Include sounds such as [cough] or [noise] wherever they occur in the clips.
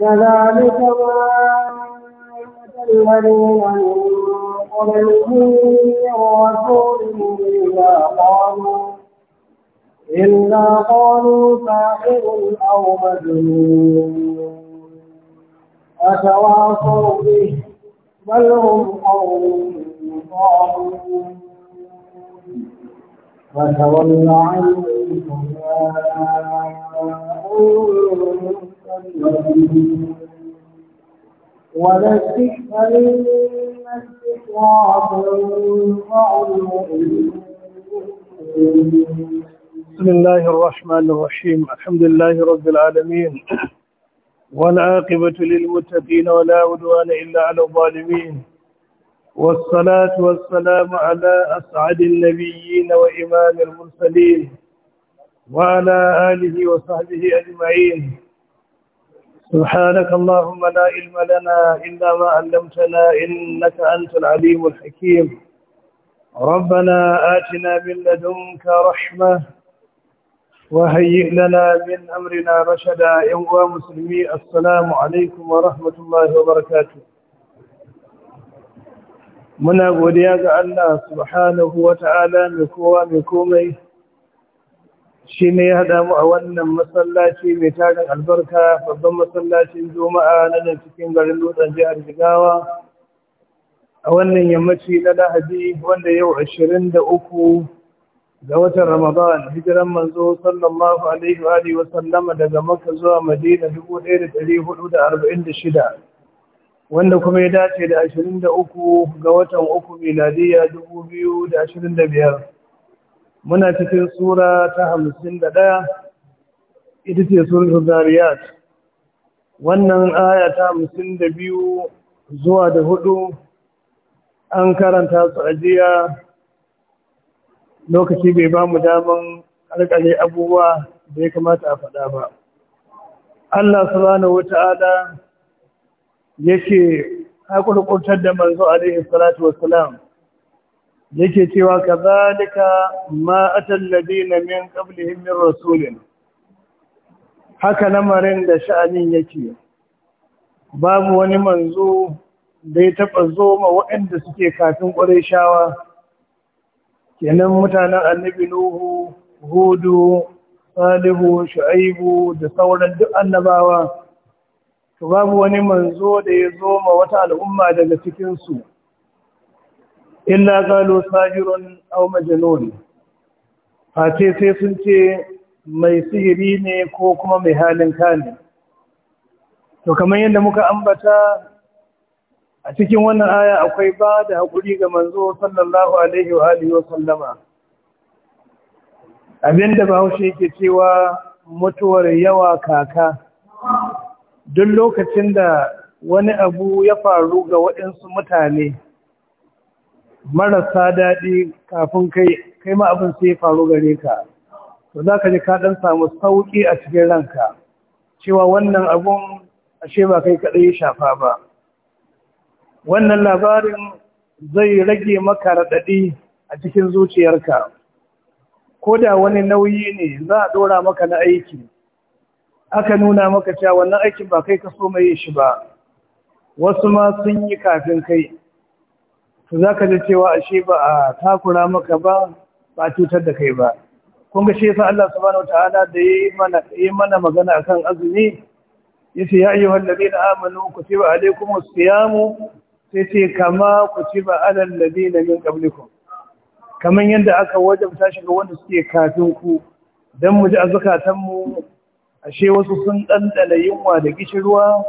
كذلك ما الذين من قبلهم من رسول إلا قالوا إلا قالوا ساحر أو مجنون أتواصوا به بل هم قوم طاغون فتول عنهم يا أولي بسم الله الرحمن الرحيم الحمد لله رب العالمين والعاقبة للمتقين ولا عدوان إلا على الظالمين والصلاة والسلام على أسعد النبيين وإمام المرسلين وعلى آله وصحبه أجمعين سبحانك اللهم لا علم لنا إلا ما علمتنا إنك أنت العليم الحكيم ربنا آتنا من لدنك رحمة وهيئ لنا من أمرنا رشدا يا مسلمي السلام عليكم ورحمة الله وبركاته muna godiya ga Allah subhanahu wa ta'ala mai kowa mai komai shi ne ya damu a wannan masallaci mai tarin albarka babban masallacin juma'a na nan cikin garin dutsen jihar jigawa a wannan yammaci na lahadi wanda yau 23 da uku ga watan ramadan hijiran manzo sallallahu alaihi wa alihi wa sallama daga makka zuwa madina dubu ɗaya da hudu da arba'in da shida wanda kuma ya dace da 23 da uku ga watan uku miladiya dubu biyu da ashirin da biyar muna cikin sura ta hamsin da ɗaya ita ce surun zariyat wannan aya ta hamsin da biyu zuwa da hudu an karanta su ajiya lokaci bai ba mu daman karkare abubuwa da ya kamata a faɗa ba Allah subhanahu wata'ala yake haƙurƙurtar da manzo alaihi salatu wassalam yake cewa ka ma atal ladina min qablihim min rasulin haka lamarin da sha'anin yake babu wani manzo da ya taɓa zoma waɗanda suke kafin shawa. kenan mutanen annabi nuhu hudu salihu shu'aibu da sauran duk annabawa to babu wani manzo da ya zo ma wata al'umma daga cikinsu. su illa galo sahirun aw majnun face sai sun ce mai sihiri ne ko kuma mai halin kane to kamar yadda muka ambata a cikin wannan aya akwai ba da haƙuri ga manzo sallallahu alaihi wa alihi wa sallama abinda bahaushe yake cewa mutuwar yawa kaka duk lokacin da wani abu ya faru ga waɗansu mutane marasa daɗi kafin kai kai ma abin sai faru gare ka to za ka ji ka ɗan samu sauƙi a cikin ranka cewa wannan abun ashe ba kai kaɗai ya shafa ba wannan labarin zai rage maka raɗaɗi a cikin zuciyarka ko da wani nauyi ne za a ɗora maka na aiki aka nuna maka cewa wannan aikin ba kai ka so mai shi ba wasu ma sun yi kafin kai to za ji cewa ashe ba a takura maka ba ba a cutar da kai ba kun ga shi yasa Allah subhanahu wataala da ya mana yi mana magana akan azumi yace ya ayyuhal ladina amanu kutiba alaykumus siyamu sai ce kama kutiba alal ladina min qablikum kaman yadda aka wajabta shi ga wanda suke kafin ku dan mu ji azukatan mu ashe wasu sun dandana yunwa da gishirwa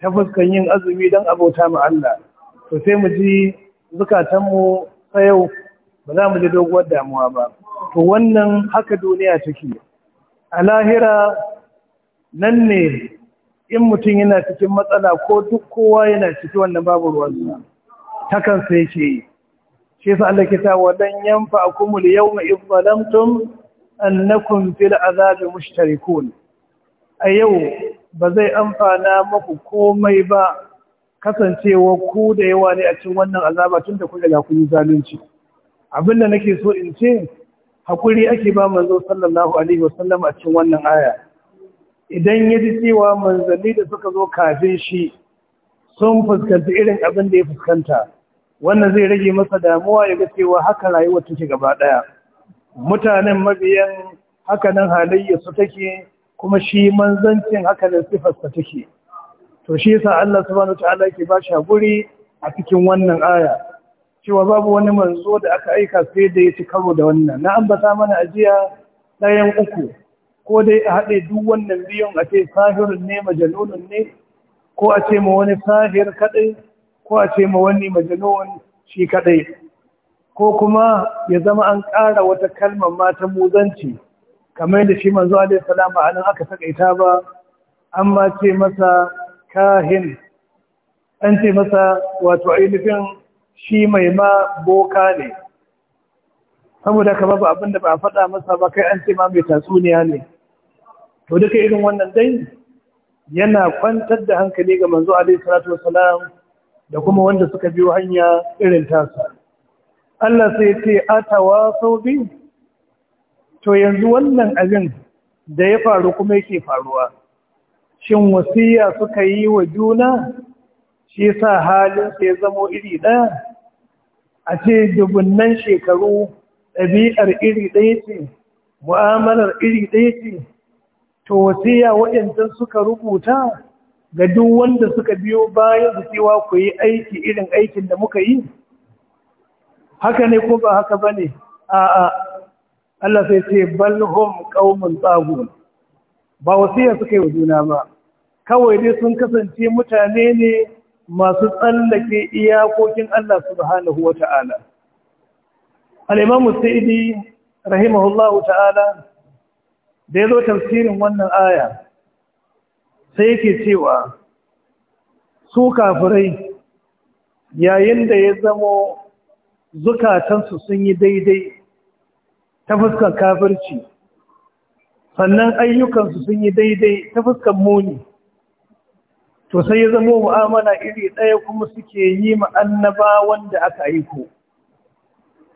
ta fuskan yin azumi dan abota ma Allah to sai mu ji zukatanmu yau. ba za mu ji doguwar damuwa ba to wannan haka duniya take a lahira nan ne in mutum yana cikin matsala ko duk kowa yana ciki wannan babu ta takan sai ce shi sa Allah ke ta wadan yanfa akumul yawma na zalamtum annakum fil azabi mushtarikun a yau ba zai amfana maku komai ba kasancewa ku da yawa ne a cikin wannan azaba tun da kun ga kun yi zalunci abin da nake so in ce hakuri ake ba manzo sallallahu alaihi wasallam a cikin wannan aya idan ya ji cewa manzanni da suka zo kafin shi sun fuskanci irin abin da ya fuskanta wannan zai rage masa damuwa ya ga cewa haka rayuwar take gaba daya mutanen mabiyan hakanan halayya su take kuma shi manzancin hakanan sifarsa take to shi yasa Allah subhanahu wataala yake ba shi haƙuri a cikin wannan aya cewa babu wani manzo da aka aika sai da ya ci karo da wannan na ambata mana ajiya ɗayan uku ko dai a haɗe duk wannan biyun a ce sahirin ne majalunun ne ko a ce ma wani sahir kadai? ko a ce ma wani majalun shi kadai? ko kuma ya zama an ƙara wata kalmar ma ta muzanci kamar da shi manzo alaihi salama a aka takaita ba Amma ce masa kahin an ce masa wato ainihin shi mai ma boka ne saboda ka babu abin da ba a faɗa masa ba kai an ce ma mai tatsuniya ne to duka irin wannan dai yana kwantar da hankali ga manzo alaihi salatu wasalam da kuma wanda suka biyo hanya irin tasa Allah sai ce atawa bi to yanzu wannan abin da ya faru kuma yake faruwa shin wasiya suka yi wa juna shi sa halin sai zamo iri ɗaya a ce dubunnan shekaru ɗabi'ar iri ɗaya ce mu'amalar iri ɗaya ce to wasiya waɗancan suka rubuta ga duk wanda suka biyo bayan da cewa ku yi aiki irin aikin da muka yi haka ne ko ba haka ba ne a'a Allah sai ce balhum qaumun tsagun ba wasiya suka yi wa juna ba kawai dai sun kasance mutane ne masu tsallake iyakokin Allah subhanahu wa ta'ala. Al'imamu Sa'idi, rahimahullahu ta'ala, da ya zo tafsirin wannan aya, sai yake cewa, su kafirai yayin da ya zamo zukatansu sun yi daidai ta fuskan kafirci, sannan ayyukansu sun yi daidai ta fuskan muni. to sai ya zama mu'amala iri ɗaya kuma suke yi ma annaba wanda aka aiko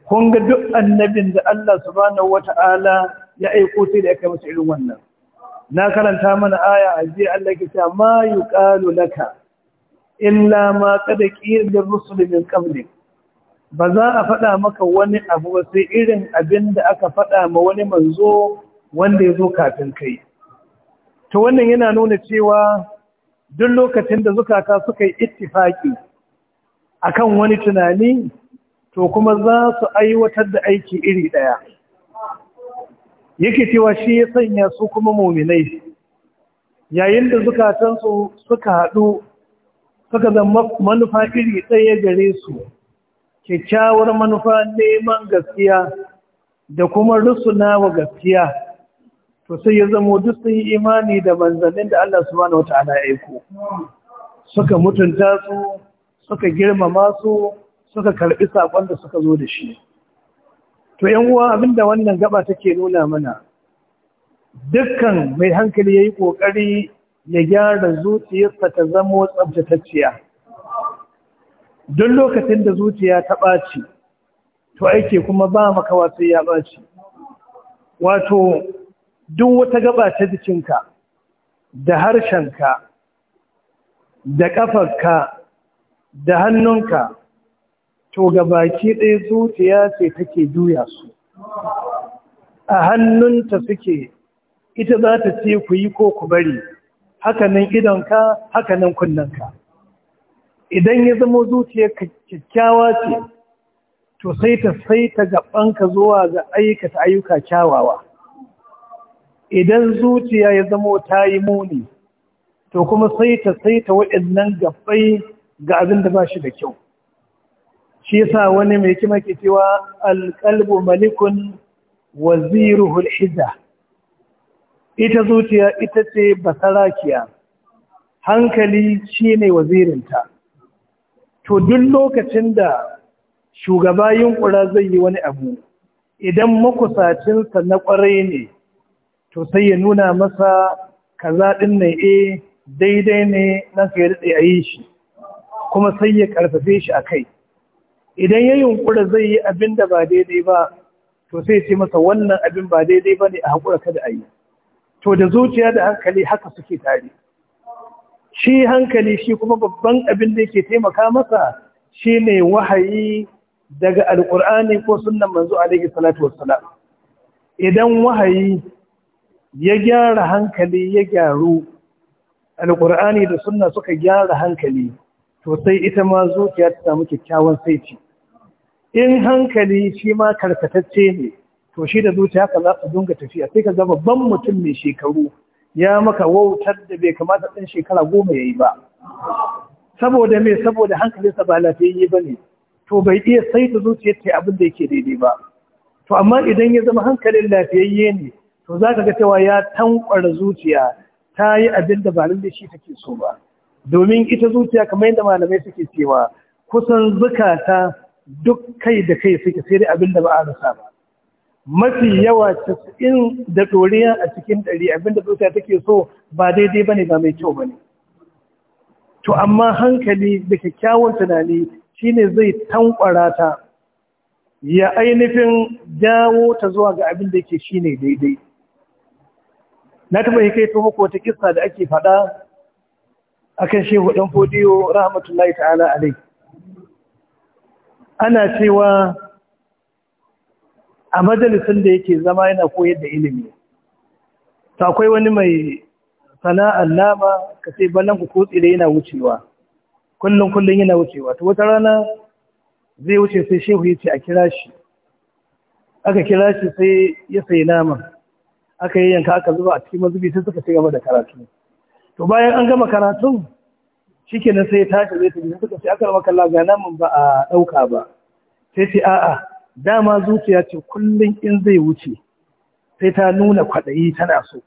kun ga duk annabin da Allah subhanahu wata'ala ya aiko sai da aka masa irin wannan na karanta mana aya a jiya Allah ke cewa ma yuqalu laka illa ma qad qila rusuli min qablik ba za a faɗa maka wani abu ba sai irin abin da aka faɗa ma wani manzo wanda ya zo kafin kai to wannan yana nuna cewa duk lokacin da zukata suka yi ittifaki akan wani tunani to kuma za su aiwatar da aiki iri ɗaya yake cewa shi ya sanya su kuma muminai yayin da zukatansu suka haɗu suka zama manufa iri ɗaya gare su kyakkyawar manufa neman gaskiya da kuma rusuna wa gaskiya to sai ya zamo duk sun yi imani da manzannin da Allah subhanahu wata'ala ya aiko suka mutunta su suka girmama su suka karɓi saƙon da suka zo da shi to yan uwa abinda wannan gaba take nuna mana dukkan mai hankali yayi ƙoƙari ya gyara zuciyarsa ta zamo tsabtacciya Don lokacin da zuciya ta ɓaci to aiki kuma ba makawa sai ya ɓaci wato duk wata gaba ta jikinka da harshenka da ƙafarka da hannunka to gabaki ɗaya zuciya ce take juya su a hannunta suke ita za ta ce ku yi ko ku bari hakanan idonka hakanan kunnanka idan ya zama zuciyar kyakkyawa ce to sai ta sai ta gabanka zuwa ga aikata ayyuka kyawawa idan zuciya ya zamo ta yi muni to kuma sai ta sai ta waɗannan gabbai ga abin da ba shi da kyau shi yasa wani mai kima ke cewa alqalbu malikun waziruhu ita zuciya ita ce basarakiya hankali shine ne wazirinta to duk lokacin da shugaba yunƙura zai yi wani abu idan makusacinsa na ƙwarai ne to sai ya nuna masa kaza zaɗin na eh daidai ne na sai daɗe a yi shi kuma sai ya karfafe shi a kai idan ya yunkura zai yi abin da ba daidai ba to sai ce masa wannan abin ba daidai ba ne a haƙura kada a yi to da zuciya da hankali haka suke tare shi hankali shi kuma babban abin da yake taimaka masa shi ne wahayi daga alƙur'ani ko sunan manzo alaihi salatu wassalam idan wahayi ya gyara hankali ya gyaru alƙur'ani da suna suka gyara hankali to sai ita ma zuciya ta samu kyakkyawan saiti in hankali shi ma karkatacce ne to shi da zuciya ka za su dunga tafiya sai ka ga ban mutum mai shekaru ya maka wautar da bai kamata ɗan shekara goma ya yi ba saboda mai saboda hankalinsa ba lafiyayye ba ne to bai iya saita zuciyar ta abin da yake daidai ba to amma idan ya zama hankalin lafiyayye ne to za ka ga cewa ya tankwara zuciya ta yi abin da ba da shi take so ba domin ita zuciya kamar yadda malamai suke cewa kusan zukata duk kai da kai suke sai dai abin da ba a rasa ba mafi yawa casa'in da ɗoriya a cikin ɗari abin da zuciya take so ba daidai ba ne ba mai kyau ba ne to amma hankali da kyakkyawan tunani shine zai tankwara ta ya ainihin jawo ta zuwa ga abin da yake shine daidai na taɓa yi kai ta muku wata kissa da ake faɗa akan shehu ɗan fodiyo rahmatullahi ta'ala alai ana cewa a majalisun da yake zama yana koyar da ilimi ta akwai wani mai sana'ar nama ka sai balan ku ko tsire yana wucewa kullum kullum yana wucewa ta wata rana zai wuce sai shehu ya ce a kira shi aka kira shi sai ya sai naman aka yanka aka zuba a cikin mazubi sai suka ci gaba da karatu to bayan an gama karatu, karatun shikenan sai tashi zai tafi suka ce aka raba kallon ga namun ba a ɗauka ba sai ce a'a dama zuciya ce kullum in zai wuce sai ta nuna kwaɗayi tana so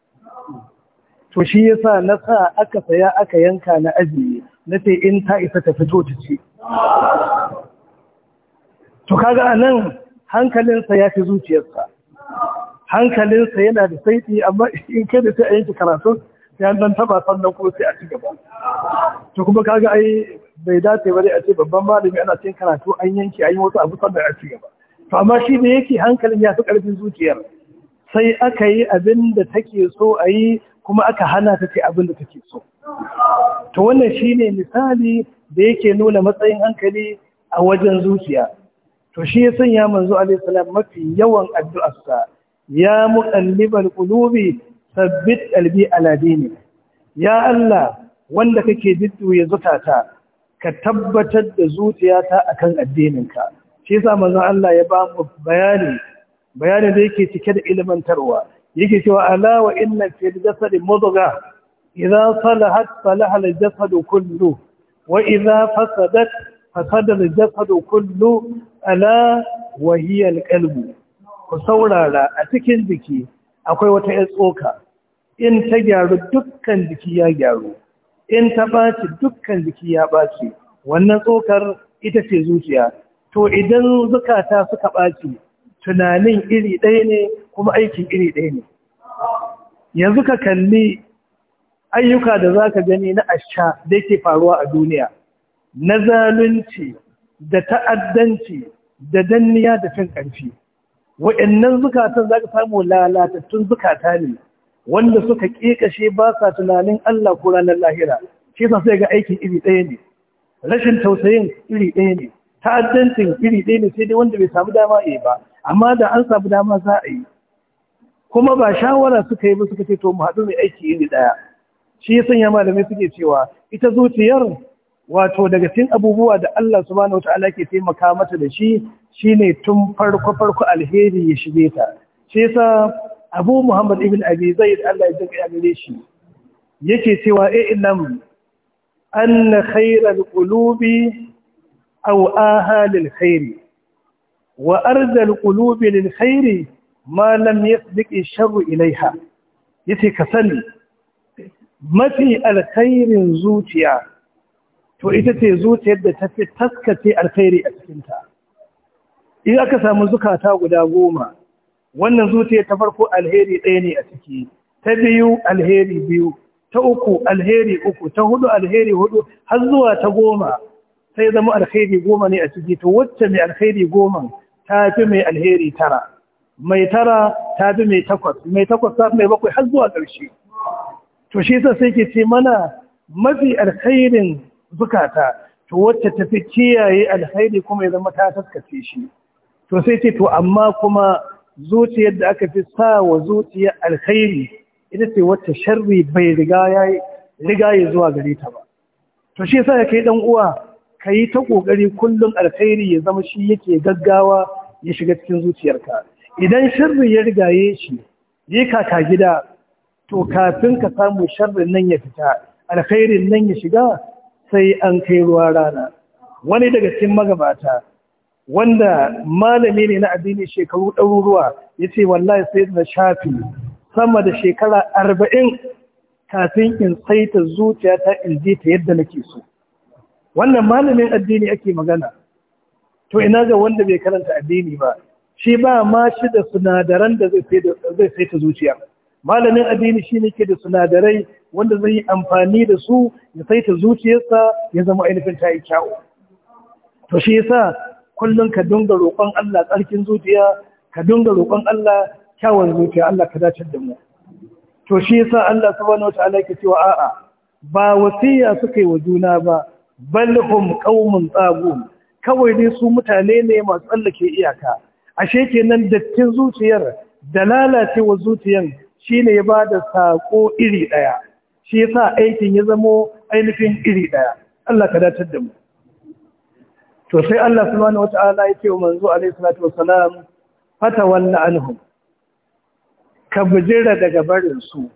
to shi yasa na sa aka saya aka yanka na ajiye na ce in ta isa ta fito ta ce to kaga anan hankalinsa ya fi zuciyarsa hankalinsa yana da saiti amma in kai da sai a yanke karatu sai an dan taba sannan ko sai a ci gaba to kuma kaga ai bai dace ba a ce babban malami ana cin karatu an yanke an yi wasu abu sannan a ci gaba to amma shi da yake hankalin ya fi karfin zuciyar sai aka yi abin da take so a yi kuma aka hana ta ce abin da take so to wannan shine misali da yake nuna matsayin hankali a wajen zuciya to shi ya sanya manzo alaihi salam mafi yawan addu'arsa ya muqallibal qulubi sabbit qalbi ala dinik ya Allah wanda kake jidduye zutata, ka tabbatar da zuciyata akan addininka shi yasa manzon Allah ya ba mu bayani bayanin da yake cike da ilmantarwa yake cewa ala wa inna fi jasadi mudghah idza salahat salaha al-jasadu kullu wa idza fasadat fasada al-jasadu kullu ala wa hiya al-qalbu ku saurara a cikin jiki akwai wata ‘yar tsoka, in ta gyaru dukkan jiki ya gyaru, in ta ɓaci dukkan jiki ya ɓaci, wannan tsokar ita ce zuciya. To idan zukata suka ɓaci, tunanin iri ɗaya ne kuma aikin iri ɗaya ne. Yanzu ka kalli ayyuka da za ka gani na asha da yake faruwa a duniya, na zalunci da ta'addanci da danniya da cin ƙarfi. wa'annan zukatan za ka samu lalatattun zukata ne wanda suka ƙeƙashe ba sa tunanin Allah ko ranar lahira shi sa sai ga aikin iri ɗaya ne rashin tausayin iri ɗaya ne ta'addancin iri ɗaya ne sai dai wanda bai samu dama yi ba amma da an samu dama za a yi kuma ba shawara suka yi ba suka ce to mu haɗu mai aiki iri ɗaya shi ya sanya malamai suke cewa ita zuciyar wato daga cikin abubuwa da Allah subhanahu wataala ke taimaka mata da shi shine tun farko farko alheri ya shige ta shi yasa Abu Muhammad ibn Abi Zaid Allah ya jinka gare shi yake cewa eh innam anna khayral qulubi aw aha khairi wa arzal qulubi lil khairi ma lam yasbiq ash ilayha yace ka sani mafi alkhairin zuciya to ita ce zuciyar da ta fi taskace alkhairi a cikinta in aka samu zukata guda goma wannan zuciya ta farko alheri ɗaya ne a ciki ta biyu alheri biyu ta uku alheri uku ta hudu alheri hudu har zuwa ta goma sai zama alheri goma ne a ciki to wacce mai alheri goma ta fi mai alheri tara mai tara ta fi mai takwas mai takwas ta mai bakwai har zuwa ƙarshe to shi sa sai ke ce mana mafi alherin zukata to wacce ta fi kiyaye alheri kuma ya zama ta taskace shi to sai ce to amma kuma zuciyar da aka fi sa wa zuciyar alkhairi ita ce wacce sharri bai riga ya zuwa gare ta ba to shi yasa kai dan uwa kai ta kokari kullun alkhairi ya zama shi yake gaggawa ya shiga cikin zuciyarka idan sharri ya rigaye shi yi kaka gida to kafin ka samu sharrin nan ya fita alkhairin nan ya shiga sai an kai ruwa rana wani daga cikin magabata wanda malami ne na addini shekaru ɗaruruwa ya ce wallahi sai da shafi sama da shekara arba'in kafin in saita zuciyata in inje ta yadda nake so wannan malamin addini ake magana to ina ga wanda bai karanta addini ba shi ba ma shi da sinadaran da zai saita zuciya malamin addini shi ne ke da sinadarai wanda zai yi amfani da su ya saita zuciyarsa ya zama ainihin ta yi kyawu to shi yasa kullum ka dinga roƙon Allah tsarkin zuciya ka dinga roƙon Allah kyawun zuciya Allah ka dace da mu to shi yasa Allah subhanahu wataala yake cewa a'a ba wasiya suka yi wa juna ba bal hum qaumun tsagun kawai dai su mutane ne masu tsallake iyaka ashe kenan dattin zuciyar da lalacewar zuciyan shine ya da sako iri daya shi yasa aikin ya zamo ainihin iri daya Allah ka dace da mu to sai Allah subhanahu wata'ala yake wa manzo alayhi salatu wassalam walla anhum ka bujira daga barin su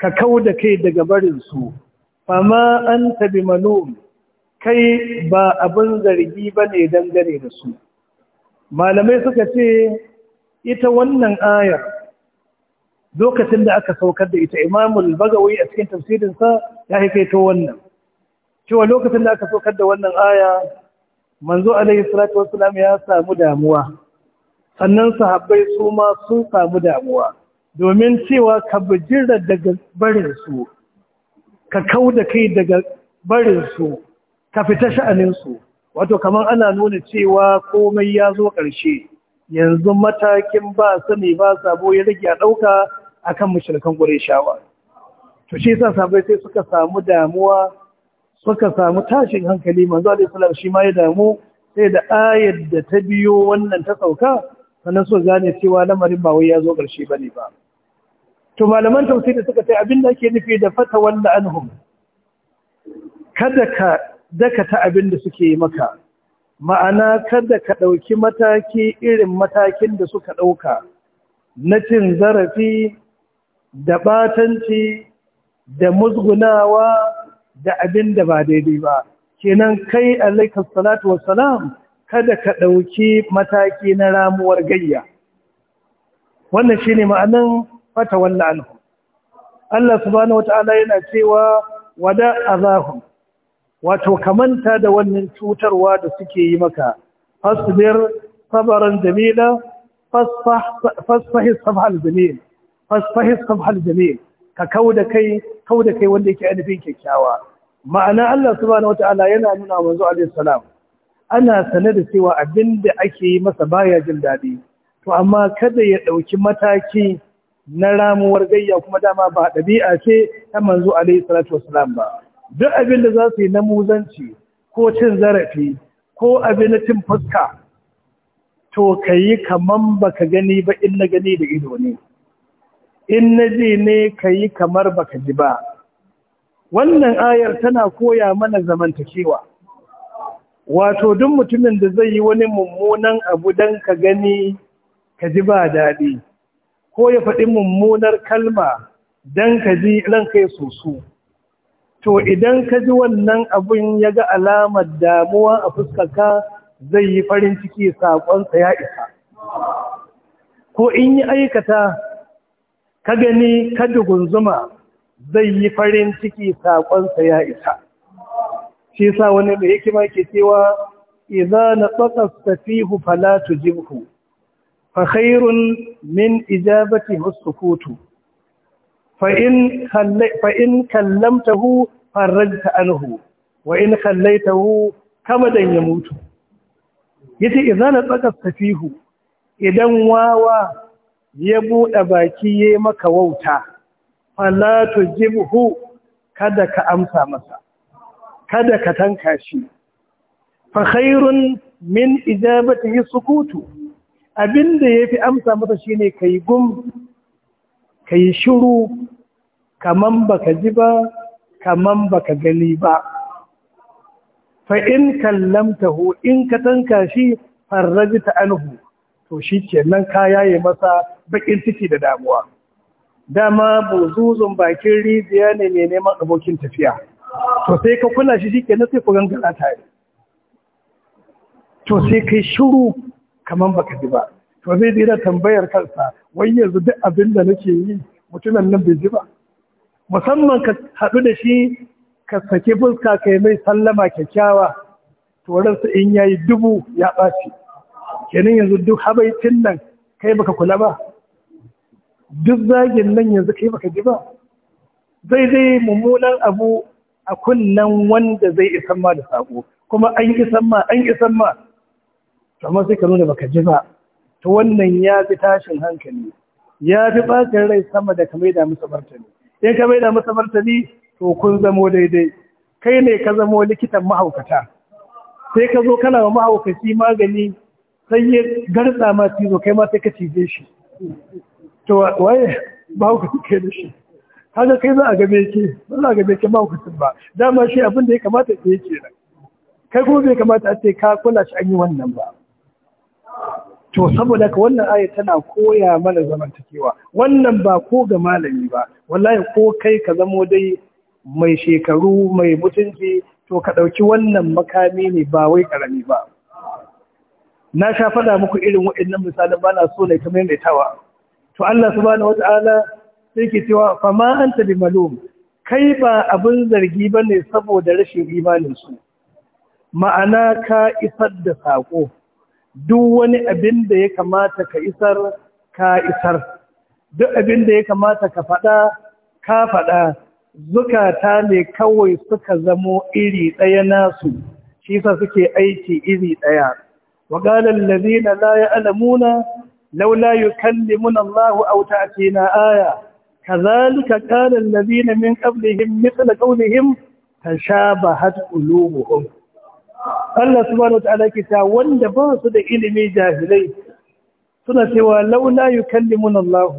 ka kauda kai daga barin su an anta bimalum kai ba abin zargi bane dangane da su malamai suka ce ita wannan ayar lokacin da aka saukar da ita imamul bagawi a cikin tafsirinsa ya haifeto wannan cewa lokacin da aka saukar da wannan aya manzo alaihi salatu wassalam ya samu damuwa sannan sahabbai su ma sun samu damuwa domin cewa ka bijira daga barin su ka kauda kai daga barin su ka fita sha'anin su wato kamar ana nuna cewa komai ya zo ƙarshe yanzu matakin ba sani ba sabo ya rage a ɗauka akan mushrikan shawa. to shi yasa sahabbai sai suka samu damuwa suka samu tashin hankali manzo alaihi wasallam shi ma ya damu sai da ayar da ta biyo wannan ta sauka sannan so gane cewa lamarin ba wai ya zo garshe ba ne ba to malaman tafsiri suka ce abin da ake nufi da fata wanda anhum kada ka dakata abin da suke yi maka ma'ana kada ka ɗauki mataki irin matakin da suka ɗauka na cin zarafi da batanci da musgunawa da abin da ba daidai ba kenan kai alaikar salatu wassalam kada ka ɗauki mataki na ramuwar gayya wannan shi ne ma'anin fata wannan alhu Allah subhanahu wata'ala yana cewa wada azahum wato kamanta da wannan cutarwa da suke yi maka fasbir sabaran jamila fasfahi sabhal jamil fasfahi sabhal jamil ka kauda kai kai wanda yake anufin kyakkyawa ma'ana Allah subhanahu wata'ala yana nuna manzo alayhi salam ana sane da cewa abinda da ake yi masa baya jin daɗi to amma kada ya ɗauki mataki na ramuwar gayya kuma dama ba ɗabi'a ce ta manzo alayhi salatu wasalam ba duk abin da za su yi na muzanci ko cin zarafi ko abin na cin fuska to ka kaman baka gani ba in na gani da ido ne in na ji ne ka kamar baka ji ba wannan ayar tana koya mana zamantakewa wato duk mutumin da zai yi wani mummunan abu don ka gani ka ji ba daɗi ko ya faɗi mummunar kalma don ka ji ranka ya soso to idan ka ji wannan abun ya ga alamar damuwa a fuskaka zai yi farin ciki saƙonsa ya isa ko in yi aikata ka gani ka dugunzuma zai yi farin ciki saƙonsa ya isa shi sa wani mai hikima ke cewa idza nataqa safihu fala tujibhu fa khairun min ijabati as-sukutu fa in fa in kallamtahu farajta anhu wa in kallaitahu kama don ya mutu yace idza nataqa safihu idan wawa ya buɗe baki ya maka wauta fala jibhu kada ka amsa masa kada ka tanka shi fa khairun min ijabatihi sukutu abinda yafi amsa masa shine kai gum kai shiru kaman baka ji ba kaman baka gani ba fa in kallamtahu in ka tanka shi farrajta anhu to shikenan ka yaye masa bakin ciki da damuwa dama buzuzun bakin rijiya ne mai neman abokin tafiya to sai ka kula shi shi kenan sai ku gangara tare to sai kai shiru kamar baka ji ba to zai dira tambayar kansa wai yanzu duk abin da nake yi mutumin nan bai ji ba musamman ka haɗu da shi ka saki fuska ka mai sallama kyakkyawa turansa in yayi dubu ya ɓaci kenan yanzu duk habaicin nan kai baka kula ba duk zagin nan yanzu kai baka ji ba zai dai mummunan abu a kunnen wanda zai isan ma da sako kuma an yi ma an yi ma amma sai ka nuna baka ji ba to wannan ya fi tashin hankali ya fi bakin rai sama da ka maida musu martani in ka maida musu martani to kun zamo daidai kai ne ka zamo likitan mahaukata sai ka zo kana wa mahaukaci magani sai ya garza ma cizo kai ma sai ka cije shi to waye mahaukacin da shi haka kai za a game ke ba za a game ke mahaukacin ba dama shi abin da ya kamata ke yake nan kai kuma bai kamata a ce ka kula shi an yi wannan ba to saboda ka wannan aya tana koya mana zamantakewa wannan ba ko ga malami ba wallahi ko kai ka zamo dai mai shekaru mai mutunci to ka ɗauki wannan makami ne ba wai karami ba na sha faɗa muku irin waɗannan misalan ba na so na ta to Allah subhanahu wata'ala sai ke cewa fa ma anta bi malum kai ba abin zargi bane saboda rashin imanin su ma'ana ka isar da sako duk wani abin da ya kamata ka isar ka isar duk abin da ya kamata ka faɗa ka faɗa zukata ne kawai suka zamo iri ɗaya nasu shi sa suke aiki iri ɗaya qala lalina la ya لولا يكلمنا الله أو تأتينا آية كذلك قال الذين من قبلهم مثل قولهم تشابهت قلوبهم Allah subhanahu wataala ta'ala ta wanda ba su da ilimi jahilai suna cewa laula yukallimun Allah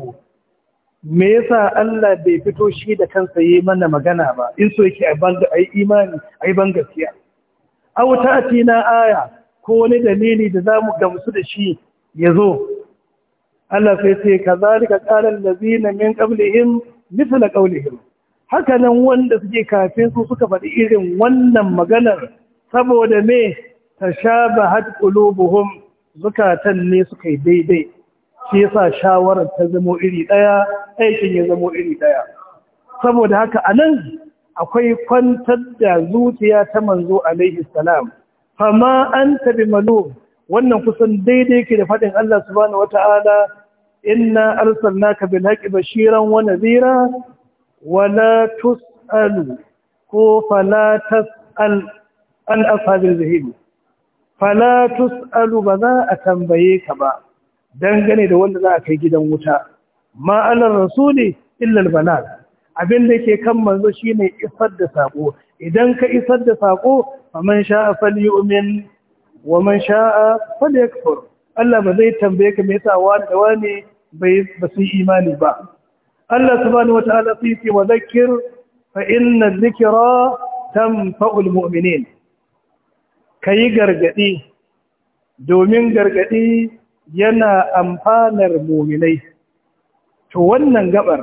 me yasa Allah bai fito shi da kansa yi mana magana ba in so yake ai imani ai ban gaskiya aw ta'tina aya ko wani dalili da zamu gamsu da shi yazo Allah sai ce kazalika qala allazina min qablihim mithla qawlihim haka nan wanda suke kafin su suka faɗi irin wannan maganar saboda me tashabahat qulubuhum zukatan ne suka yi daidai shi yasa shawarar ta zamo iri daya aikin ya zamo iri daya saboda haka anan akwai kwantar da zuciya ta manzo alaihi salam fama anta bimalum wannan kusan daidai ke da faɗin Allah subhanahu wata'ala inna arsalnaka bil haqqi bashiran wa nadhira wa la tus'alu ko fala tas'al an ashabil jahim fala tus'alu ba za a tambaye ka ba dangane da wanda za a kai gidan wuta ma alar rasuli illa albalagh abin da yake kan manzo shine isar da sako idan ka isar da sako faman sha'a falyu'min wa man sha'a falyakfur Allah ba zai tambaye ka me yasa wani da wani ba su yi imani ba Allah subhanahu wata'ala sai ce wa zakir fa inna dhikra tanfa'ul mu'minin kai gargadi domin gargadi yana amfanar mu'minai to wannan gabar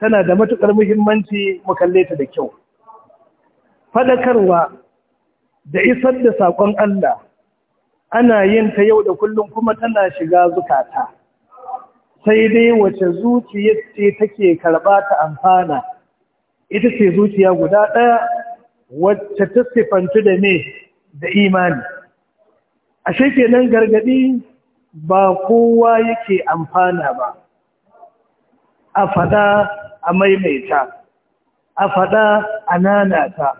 tana da matukar muhimmanci mu kalle ta da kyau fadakarwa da isar da sakon Allah ana yin ta yau da kullum kuma tana shiga zukata sai dai wace zuciyar ce take karɓa ta amfana ita ce zuciya guda ɗaya wacce ta sifantu da me da imani ashe nan gargaɗi ba kowa yake amfana ba a faɗa a maimaita a faɗa a nanata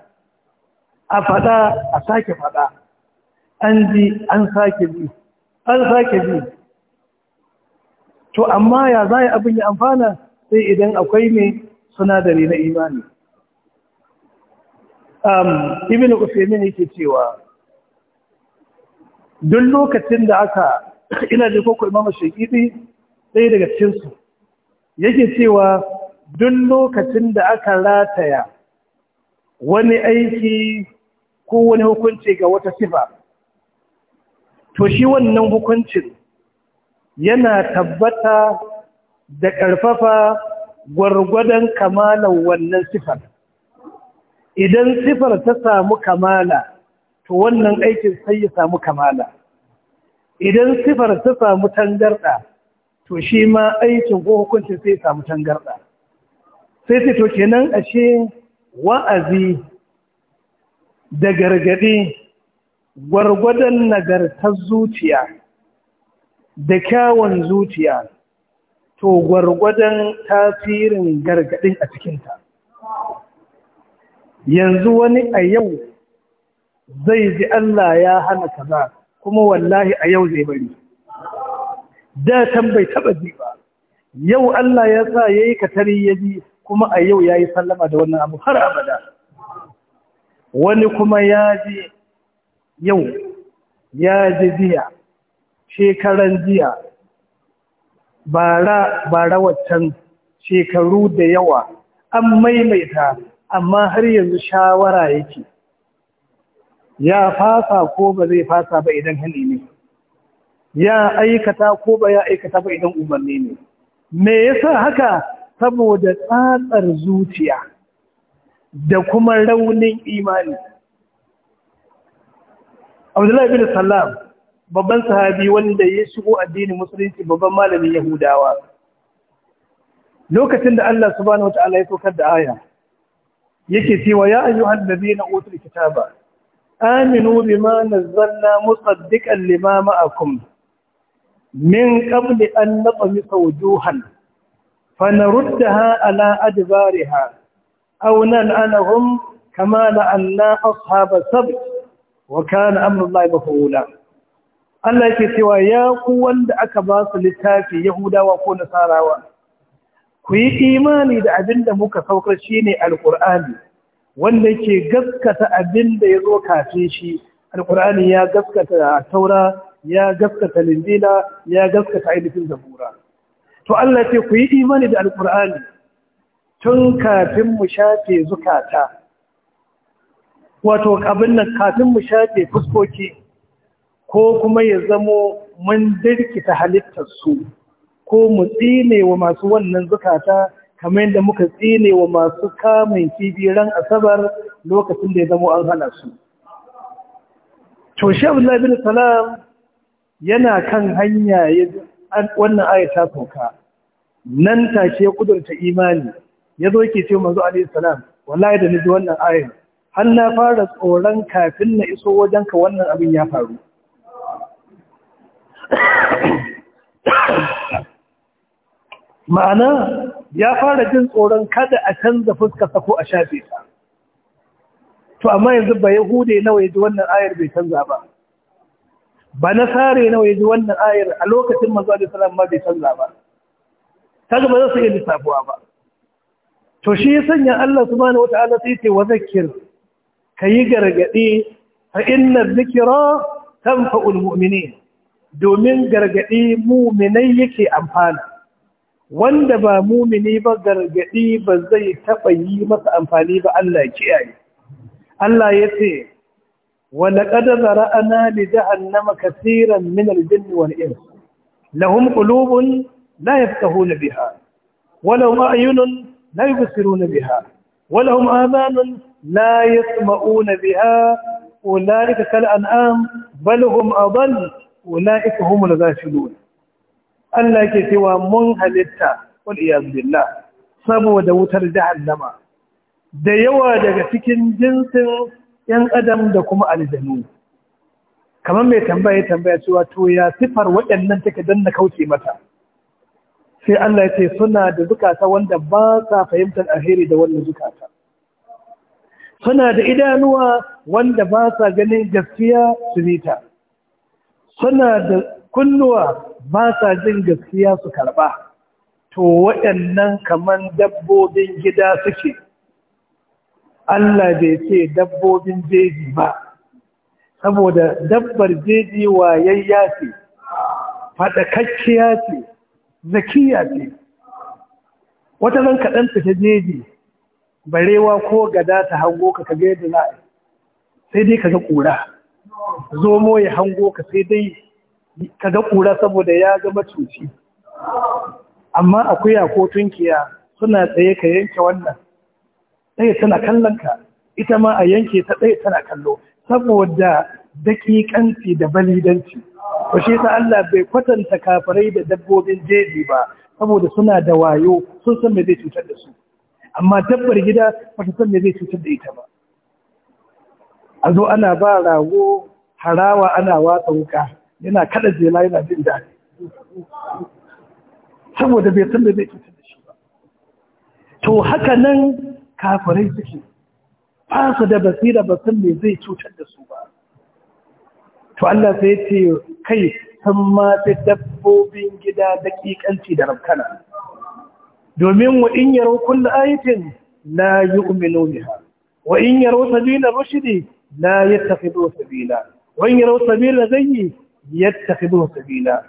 a faɗa a sake faɗa an ji an sake bi an sake bi to amma ya za yi abin ya amfana sai idan akwai mai sunadari na imani ibn usaimin yake cewa Dun lokacin da aka [clears throat] ina da koko imama shekidi ɗaya daga cinsu yake cewa dun lokacin da aka rataya wani aiki ko wani hukunci ga wata sifa to shi wannan hukuncin yana tabbata da ƙarfafa gwargwadon kamalar wannan sifar idan sifar ta samu kamala to wannan aikin sai ya samu kamala idan sifar ta samu tangarɗa to shi ma aikin ko hukuncin sai ya samu tangarɗa sai sai to kenan ashe wa'azi da gargaɗi gwargwadon nagartar zuciya da kyawun zuciya to gwargwadon tasirin gargadin a cikinta yanzu wani a yau zai ji Allah ya hana kaza kuma wallahi a yau zai bari da can bai taba ji ba yau Allah ya sa yayi katari ya ji kuma a yau yayi sallama da wannan abu har abada wani kuma ya ji yau ya ji jiya shekaran jiya bara bara waccan shekaru da yawa an maimaita amma har yanzu shawara yake ya fasa ko ba zai fasa ba idan hali ne ya aikata ko ba ya aikata ba idan umarni ne me yasa haka saboda tsatsar zuciya da kuma raunin imani Abdullahi bin Salam babban sahabi wanda ya shigo addinin musulunci babban malamin yahudawa lokacin da Allah subhanahu wataala ya saukar da aya yake cewa ya ayyuhal ladina utul kitaba aminu bima nazzalna musaddiqan lima ma'akum min qabli an naqmi sawjuhan fanaruddaha ala adbariha aw nal'anhum kama la'anna ashabas sabt wa kana amru llahi maf'ula Allah yake cewa ya ku wanda aka ba su littafi Yahudawa ko Nasarawa ku yi imani da abin da muka saukar shine alqur'ani wanda yake gaskata abin da ya zo kafin shi alqur'ani ya gaskata taura ya gaskata linjila ya gaskata ainihin zabura to Allah ce ku yi imani da alqur'ani tun kafin mu shafe zukata wato abin nan kafin mu shafe fuskoki ko kuma ya zamo mun dirkita su ko mu tsine wa masu wannan zukata kamar yadda muka tsine wa masu kamun kibiran asabar lokacin da ya zamo an hana su to shi abdullahi salam yana kan hanya wannan aya ta sauka nan take kudurta imani ya zo yake ce manzo alayhi salam wallahi da ni wannan ayar har na fara tsoron kafin na iso wajenka wannan abin ya faru ma'ana ya fara jin tsoron kada a canza fuskarsa ko a shafe ta to amma yanzu ba yahude nawa yaji wannan ayar bai canza ba ba na sare nawa yaji wannan ayar a lokacin manzo da ma bai canza ba Ta ba za su iya lissafuwa ba to shi sanya Allah Wata Ala sai ce wa ka kayi gargaɗe fa inna dhikra tanfa'ul mu'minin domin gargaɗi muminai yake amfana wanda ba mumini ba gargaɗi ba zai taɓa yi masa amfani ba Allah kiyaye Allah ya ce ولقد ذرأنا لجهنم كثيرا من الجن والإنس لهم قلوب لا يفقهون بها ولهم أعين لا يبصرون بها ولهم آذان لا يسمعون بها أولئك كالأنعام بل هم أضل ula'ika humul ghafilun Allah ke cewa mun halitta wal saboda wutar jahannama da yawa daga cikin jinsin ‘yan adam da kuma aljanu. Kamar mai tambaya tambaya cewa to ya sifar waɗannan take don na kauce mata. Sai Allah ce suna da zukata wanda ba sa fahimtar alheri da wannan zukata. Suna da idanuwa wanda ba sa ganin gaskiya su nita. suna da kunnuwa ba sa jin gaskiya su karba to waɗannan kaman dabbobin gida suke Allah bai ce dabbobin jeji ba saboda dabbar jeji wayayya ce faɗakakkiya ce zakiya ce wata nan kaɗan ta ta jeji barewa ko gada ta hango ka kaga sai dai ka ga ƙura zomo ya hango ka sai dai ka ga ƙura saboda ya zama cuci. amma akwai akuya ko tunkiya suna tsaye ka yanke wannan ɗaya tana kallon ka ita ma a yanke ta ɗaya tana kallo saboda daƙiƙanci da balidanci ko shi ta Allah bai kwatanta kafirai da dabbobin jeji ba saboda suna da wayo sun san me zai cutar da su amma dabbar gida ba ta san me zai cutar da ita ba a zo ana ba rago harawa ana watsa wuka yana kada jela yana jin daɗi saboda bai san da zai cutar da shi ba to haka nan kafirai suke ba su da basira ba san me zai cutar da su ba to Allah sai ce kai san ma dabbobin gida da kikanci da rabkana domin wa in yaro kullu ayatin la yu'minu biha wa in yaro sabila rushdi la yattakhidhu sabila yi وإن يروا bi زيه يتخذوه da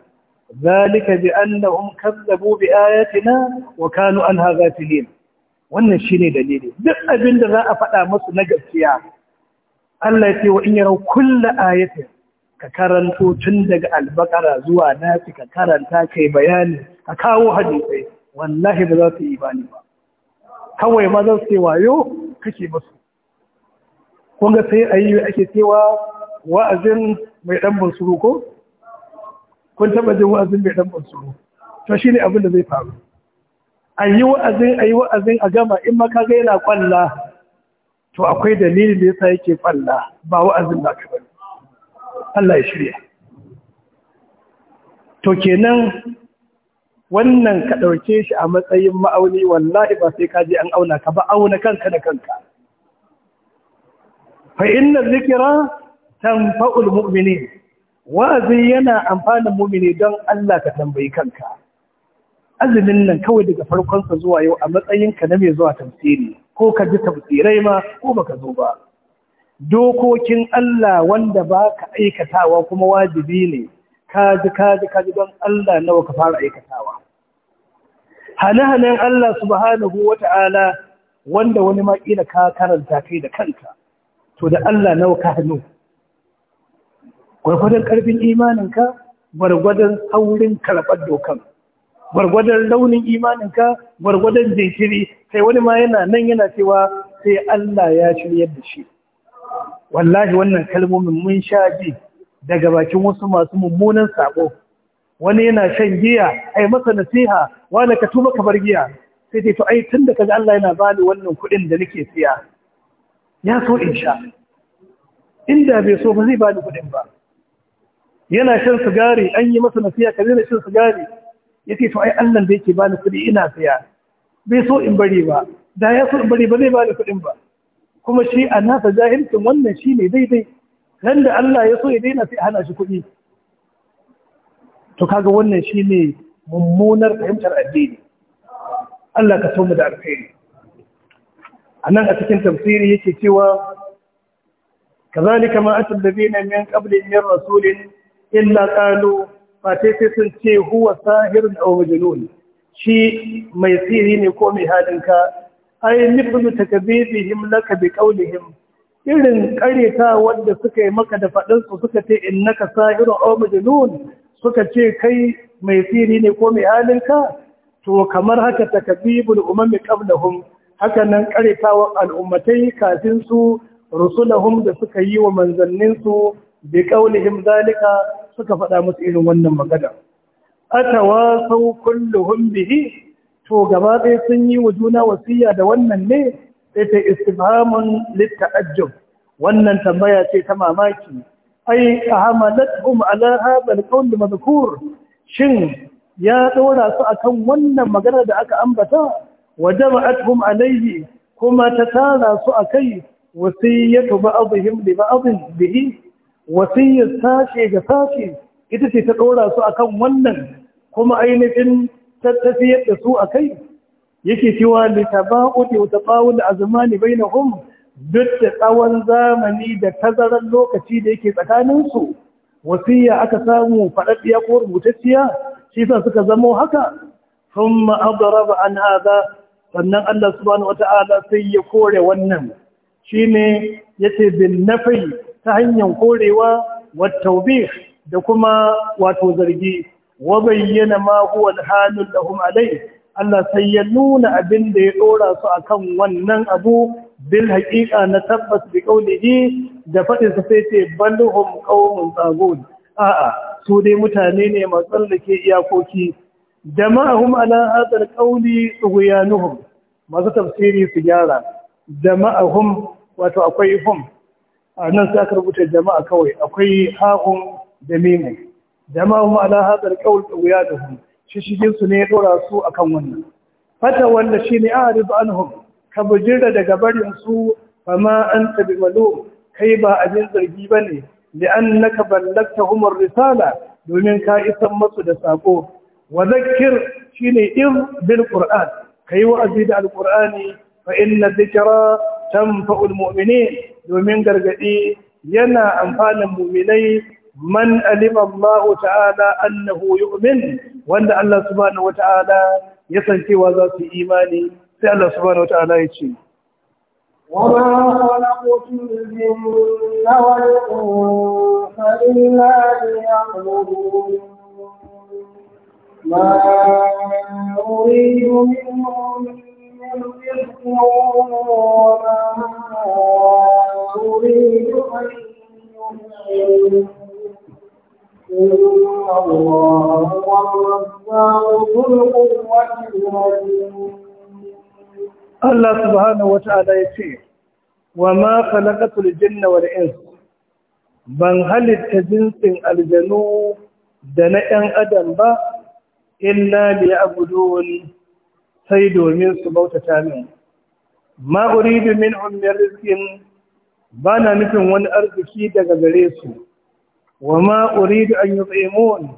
ذلك بأنهم كذبوا بآياتنا an haza filin. wannan shine dalili duk abin da za a faɗa musu na gaskiya Allah ya ce wa in yarau kullu ayatin ka karanto tun daga albakara zuwa nasi ka karanta kai bayani ka kawo hadisai wallahi ba za su yi bani ba kawai ma za su wayo kake musu kun ga sai ayi ake cewa wa'azin mai ɗan bansuru ko? Kun taɓa jin wa'azin mai ɗan bansuru. To shi ne abin da zai faru. A yi wa'azin, a yi wa'azin a gama in maka ga yana ƙwalla, to akwai dalilin da ya sa yake ƙwalla ba wa'azin ba ka bari. Allah ya shirya. To kenan wannan ka ɗauke shi a matsayin ma'auni wallahi ba sai ka je an auna ka ba auna kanka da kanka. Fa inna zikira tanfa'ul mumini wazi yana amfanin mu'mini don Allah ka tambayi kanka azumin nan kawai daga farkonsa zuwa yau a matsayinka na mai zuwa tafsiri ko ka ji tafsirai ma ko baka zo ba dokokin Allah wanda ba ka aikatawa kuma wajibi ne ji kaji ji don Allah nawa ka fara aikatawa hane-hanen Allah subhanahu wa ta'ala wanda wani ƙila ka karanta kai da kanka, to da Allah nawa ka hannu gwargwadon ƙarfin imaninka gwargwadon saurin karɓar dokan gwargwadon launin imaninka gwargwadon jinkiri sai wani ma yana nan yana cewa sai Allah ya shiryar da shi wallahi wannan kalmomin mun sha ji daga bakin wasu masu mummunan saƙo. wani yana shan giya ai masa nasiha wani ka tuba ka bar giya sai dai to ai tun kaga Allah yana bani wannan kuɗin da nake siya ya so in sha inda bai so ba zai bani kuɗin ba yana shan sigari an yi masa nasiya ka zai shan sigari ya ce to ai nan da yake ba ni kuɗi ina saya bai so in bari ba da ya so in bari ba zai ba ni kuɗin ba kuma shi a nasa jahilcin wannan shi ne daidai nan da allah ya so ya daina sai hana shi kuɗi to kaga wannan shi ne mummunar fahimtar addini allah ka tsoma da alheri a nan a cikin tafsiri yake cewa كذلك ما أتى الذين من قبل من رسول illa qalu fa sai sun ce huwa sahirun da majnun shi mai tsiri ne ko mai halinka ai mithlu takdhibihim laka bi qawlihim irin ƙarita wanda suka yi maka da faɗinsu suka ce in innaka sahirun aw suka ce kai mai tsiri ne ko mai halinka to kamar haka takabibin, umami qablahum haka nan wa al'ummatai kafin su rusulahum da suka yi wa manzanninsu bi ƙaunihim zalika suka faɗa musu irin wannan magana atawa sau kulluhum bihi to gaba ɗaya sun yi wa juna wasiya da wannan ne sai ta istifhamun litta'ajjub wannan tambaya ce ta mamaki ai ahamalatkum ala hadha alqawl madhkur shin ya ɗora su akan wannan magana da aka ambata wajama'atuhum alayhi kuma ta tara su akai wasiyatu ba'dihim li ba'd bihi wasiyyar sashe ga sashe ita ce ta ɗora su akan wannan kuma ainihin tattafiyar da su a kai yake cewa litaba'udi wa tafawul azmani bainahum duk da tsawon zamani da tazaran lokaci da yake tsakanin su wasiya aka samu faɗaɗɗiya ko rubutacciya shi sa suka zamo haka thumma adraba an hadha sannan Allah subhanahu wata'ala sai ya kore wannan shine yace bin nafi ta hanyar korewa wa taubih da kuma wato zargi wa bayyana ma huwa halul lahum alai Allah sai ya nuna abin da ya dora su akan wannan abu bil haqiqa na tabbas bi qawlihi da fadin sa sai ce balhum qawmun tagun a'a su dai mutane ne masu tsallake iyakoki jama'ahum ala hadal qawli tughyanuhum masu tafsiri su gyara jama'ahum wato akwai hum a nan sai aka rubuta jama'a kawai akwai ha'un da mimu jama'a mu ala hadar qaul da hum shi su ne ya dora su akan wannan fata wanda shine a'rid anhum ka bujira daga barin su an tabi bimalum kai ba abin zargi ba bane li'annaka ballakta ar-risala domin ka isan masu da sako wa zakkir shine ir bil qur'an kai wa'azi da al-qur'ani fa inna dhikra tanfa'u muminin domin gargadi yana amfanin muminai man alima Allah ta'ala annahu yu'min wanda Allah subhanahu wata'ala ya san cewa za su imani sai Allah subhanahu wata'ala ya ce ما نريد منهم Allah subhanahu wa ta'ala ya ce, Wa ma falakatul jinna wal ban halitta jinsin aljanu da na ‘yan adam ba, illa da ya abudun sai domin su bautata min ma uridu min min rizqin bana nufin wani arziki daga gare su wa ma uridu an yu'imun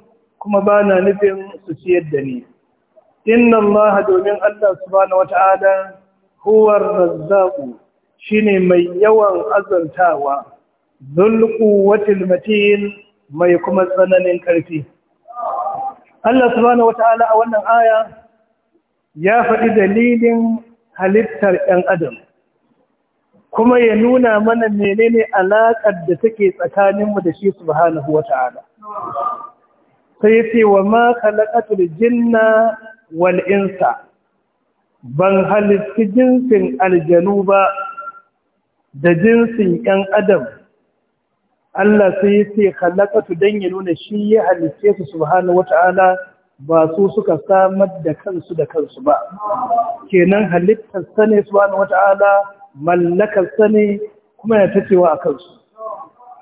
kuma bana nufin su ciyar da ni inna allaha domin allah subhanahu wata'ala huwa ar razzaq shine mai yawan azantawa dhul quwwatil matin mai kuma tsananin karfi Allah subhanahu ta'ala a wannan aya ya faɗi dalilin halittar ‘yan adam kuma ya nuna mana menene alaƙar da take tsakaninmu da shi subhanahu wa ta'ala sai ce wa ma khalaqatul jinna walinsa ban halittu jinsin aljanu ba da jinsin ‘yan adam Allah sai ya ce halakatu don ya nuna shi ya halittu su subhanahu ta'ala. ba su suka samar da kansu da kansu ba kenan halittar sani sane wata wata'ala mallakar sani, kuma ya tacewa a kansu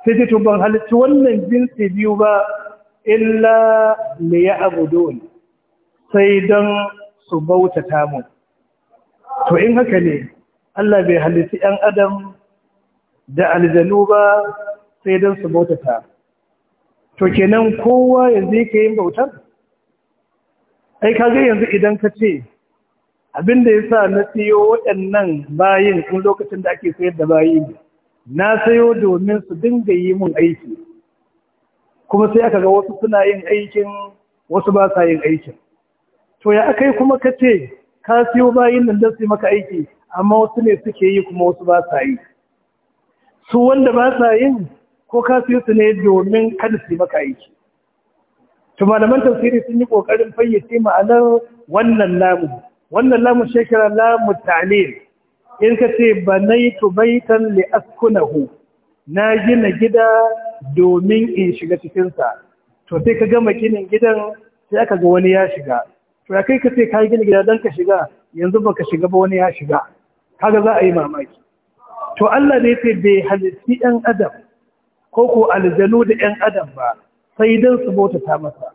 sai dai ban halitta wannan jinsi biyu ba illa mai ya abu ya'budun sai don su bautata tamu to in haka ne Allah bai halittu 'yan adam da aljanu ba sai don su bautata to kenan kowa yanzu yake yin bautar ai kaga yanzu idan ka ce abin da ya sa na siyo waɗannan bayin in lokacin da ake sayar da bayi na sayo domin su dinga yi mun aiki kuma sai aka ga wasu suna yin aikin wasu ba sa yin aikin to ya yi kuma ka ce ka siyo bayin nan don su yi maka aiki amma wasu ne suke yi kuma wasu ba sa yi su wanda ba sa yin ko ka siyo su ne domin kada su yi maka aiki to malaman tafsiri sun yi kokarin fayyace ma'anar wannan lamu wannan lamu shekara lamu ta'lil in ka ce banaitu baitan li askunahu na gina gida domin in shiga cikinsa. sa to sai ka gama ginin gidan sai aka ga wani ya shiga to ya kai ka ce ka gina gida don ka shiga yanzu baka shiga ba wani ya shiga kaga za a yi mamaki to Allah ne ce bai halitti 'yan adam ko ko aljanu da 'yan adam ba sai don su bautata masa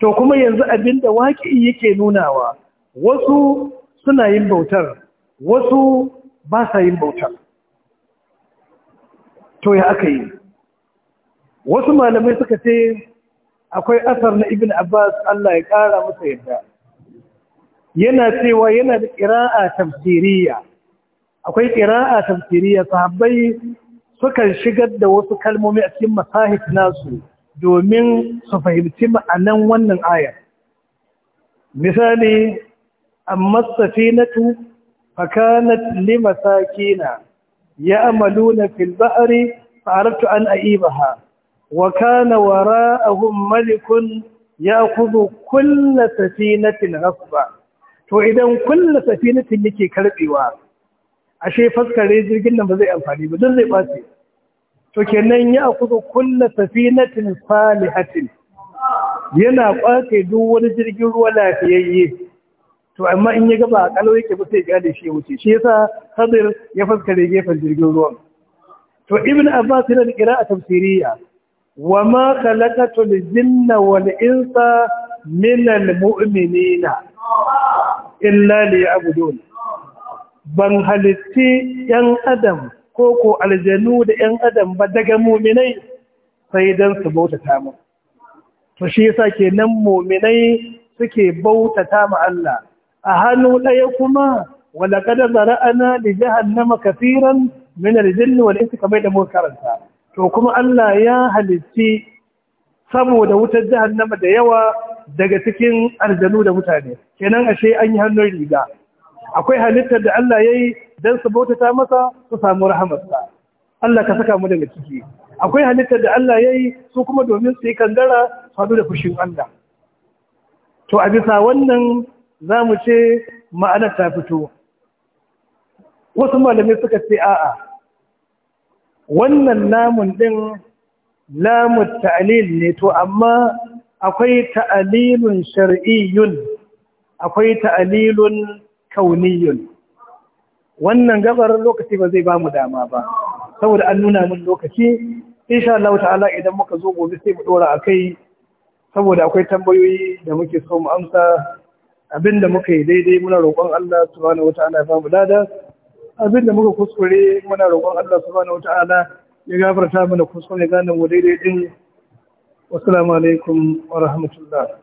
to kuma yanzu abinda waƙi yake nunawa wasu suna yin bautar wasu ba sa yin bautar to ya aka yi wasu malamai suka ce akwai asar na ibn abbas Allah ya ƙara masa yadda yana cewa yana da ƙira'a tamfiriya, akwai ƙira'a tamfiriya sahabbai sukan shigar da wasu kalmomi a cikin masahif nasu domin su fahimci ma'anan wannan ayar misali amma tu, fakanat amalu ya'maluna fil bahri fa'aratu an aibaha wa kana wara'ahum malikun ya'khudhu na fil ba, to idan na fil yake karɓewa, ashe faskare jirgin nan ba zai amfani ba don zai bace to kenan ya kudu kulla safinatin salihatin yana kwace duk wani jirgin ruwa lafiyayye to amma in ya ga ba kalau yake ba sai gane shi wuce shi yasa hadir ya faskare gefen jirgin ruwan to ibn abbas yana da qira'a tafsiriya wa ma khalaqatu al-jinna wal insa min al-mu'minina illa liya'budun ban halitti yan adam ko ko aljanu da ‘yan adam ba daga muminai sai don su bautata mu. To shi yasa kenan muminai suke bautata ma Allah. A hannu ɗaya kuma wala kada ana da jahannama kafiran minar aljinni wal suka mai da muka karanta. To kuma Allah ya halitti saboda wutar nama da yawa daga cikin aljanu da mutane. Kenan ashe an yi hannun riga. akwai halittar da Allah ya yi don su bautata masa su samu rahamarsa Allah ka saka mu daga ciki akwai halittar da Allah ya yi su kuma domin su yi kangara su da fushin Allah to a bisa wannan za mu ce ma'anar ta fito wasu malamai suka ce a'a wannan namun ɗin lamun ta'alil ne to amma akwai ta'alilun shar'iyyun akwai ta'alilun kauniyun wannan gabar lokaci ba zai ba mu dama ba saboda an nuna mun lokaci insha Allah ta'ala idan muka zo gobe sai mu dora akai saboda akwai tambayoyi da muke so mu amsa abinda muka yi daidai muna roƙon Allah subhanahu wata'ala ya famu dada. abinda muka kuskure muna roƙon Allah subhanahu wata'ala ya gafarta mana kuskure ganin mu daidai din wassalamu alaikum wa rahmatullah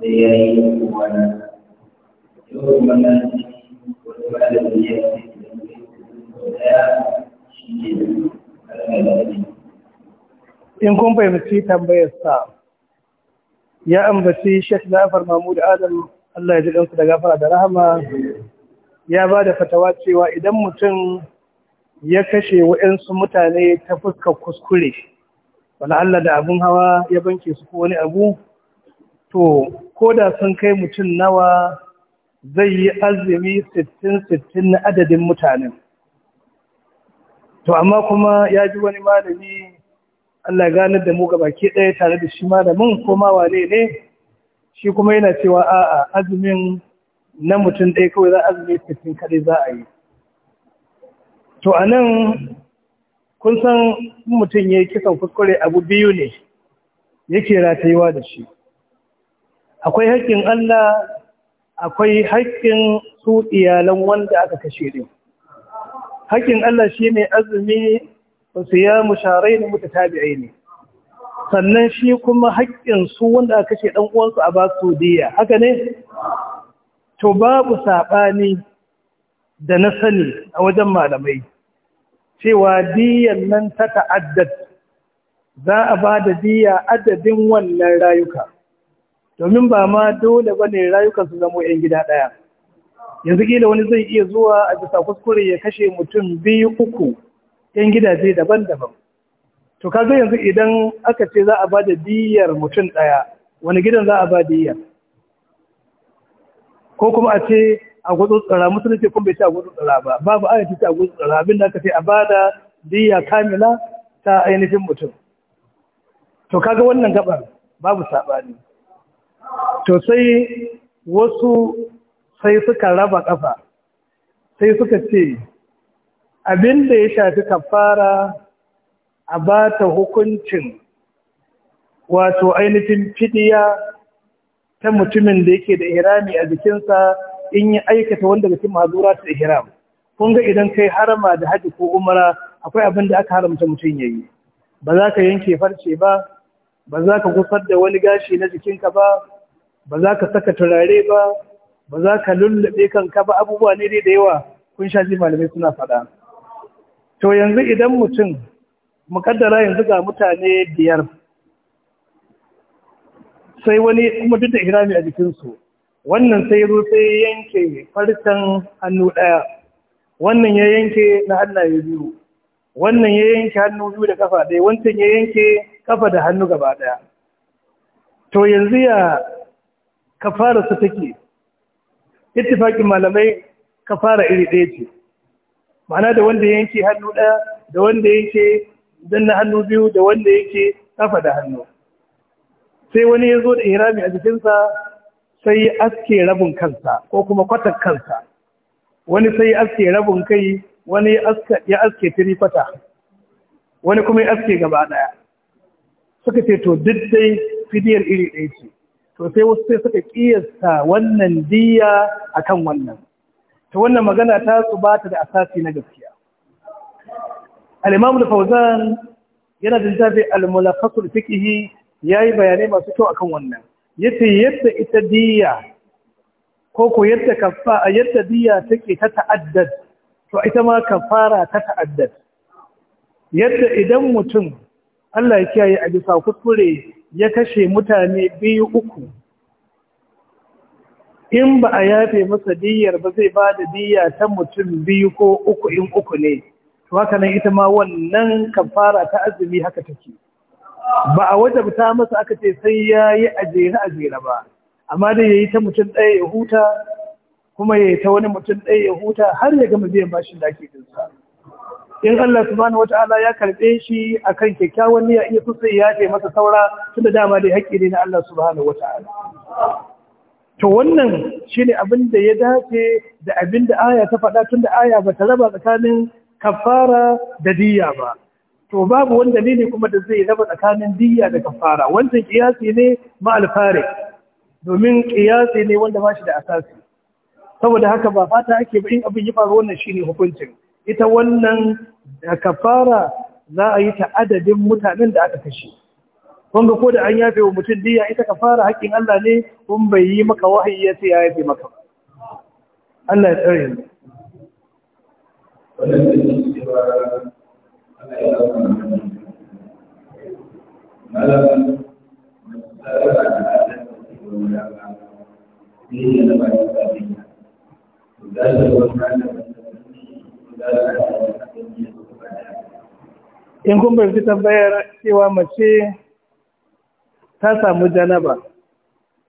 da ya yi yau mana wani malami ya ce da ya shi in kun fahimci tambayar sa ya ambaci Sheikh Ja'far Mahmud Adam Allah ya ji ɗansu da gafara da rahama ya ba da fatawa cewa idan mutum ya kashe waɗansu mutane ta fuska kuskure wani Allah da abin hawa ya banke su ko wani abu to ko da sun kai mutum nawa zai yi azumi sittin sittin na adadin mutanen to amma kuma ya ji wani malami Allah ganar da mu baki ɗaya tare da shi malamin ko ma wane ne shi kuma yana cewa a'a azumin na mutum ɗaya kawai za azumi sittin kaɗai za a yi to a nan kun san mutum ya yi kisan kuskure abu biyu ne yake ratayewa da shi akwai haƙƙin Allah akwai haƙƙin su iyalan wanda aka kashe din haƙƙin Allah shine azumi wa siyamu sharayn mutatabi'aini sannan shi kuma haƙƙin su wanda aka kashe dan uwansu a basu diya haka ne to babu saɓani da na sani a wajen malamai cewa diyan nan ta ta'addad za a ba da diya adadin wannan rayuka domin ba ma dole ba ne rayukan su zamo 'yan gida ɗaya yanzu kila wani zai iya zuwa a bisa kuskure ya kashe mutum biyu uku 'yan gidaje daban-daban to kaga yanzu idan aka ce za a ba da diyar mutum ɗaya wani gidan za a ba diyar ko kuma a ce a mutum musulunci kuma bai ce a tsara ba babu a yanzu ce a abin abinda aka ce a ba da diya kamila ta ainihin mutum to kaga wannan gabar babu saɓani to sai wasu sai suka raba ƙafa sai suka ce abin da ya shafi kafara a ba ta hukuncin wato ainihin fidiya ta mutumin da yake da Irami a jikinsa in yi aikata wanda cikin mazura ta ihram kun ga idan kai harama da haji ko umara akwai abin da aka haramta mutum ya yi ba za ka yanke farce ba ba za ka kusar da wani gashi na jikinka ba ba za ka saka turare ba ba za ka lullube kanka ba abubuwa ne dai da yawa kun sha ji malamai suna faɗa to yanzu idan mutum mukaddara yanzu ga mutane biyar sai wani kuma duk da hirami a jikinsu wannan sai rufe yanke farkon hannu ɗaya wannan ya yanke na hannaye biyu wannan ya yanke hannu biyu da kafa ɗaya wancan ya yanke kafa da hannu gaba ɗaya to yanzu ya kafara su take ittifaqin malamai kafara iri ɗaya ce ma'ana da wanda yanke hannu ɗaya da wanda yake danna hannu biyu da wanda yake kafa da hannu sai wani ya zo da irami a jikinsa sai ya aske rabin kansa ko kuma kwatar kansa wani sai ya aske rabin kai wani ya aske tirifata wani kuma ya aske gaba ɗaya suka ce to duk dai fidiyar iri ɗaya ce to sai wasu sai suka kiyasta wannan diya kan wannan to wannan magana ta su ba ta da asasi na gaskiya alimamu da fauzan yana da littafi al fikihi ya yi yayi bayanai masu kyau akan wannan yace yadda ita diya ko ko yadda a yadda diya take ta ta'addad to ita ma kafara ta ta'addad yadda idan mutum Allah ya kiyaye a bisa kuskure ya kashe mutane biyu uku in ba a yafe masa diyyar ba zai ba da diyya ta mutum biyu ko uku in uku ne to haka nan ita ma wannan kafara ta azumi haka take ba a wajabta masa aka ce sai ya yi ajere ajere ba amma dai ya yi ta mutum ɗaya ya huta kuma ya ta wani mutum ɗaya ya huta har ya gama biyan bashin da ake jinsa. in Allah subhanahu wataala ya karɓe shi akan kyakkyawan niyya iya kusa ya ce masa saura tunda dama dai haƙƙi ne na Allah subhanahu wataala to wannan shine abin da ya dace da abin da aya ta faɗa tunda aya ba ta raba tsakanin kafara da diyya ba to babu wani dalili kuma da zai raba tsakanin diyya da kafara wancan kiyasi ne ma alfare domin kiyasi ne wanda ba shi da asasi saboda haka ba fata ake ba in abin ya faru wannan shine hukuncin ita wannan da kafara za a yi ta adadin mutanen da aka kashe Wanda ko da an yafe wa mutum diya ita kafara haƙƙin Allah ne kun bai yi maka wahayi ya ce ya yafe maka Allah ya tsare mu da you. in kun bai tambayar cewa mace ta samu janaba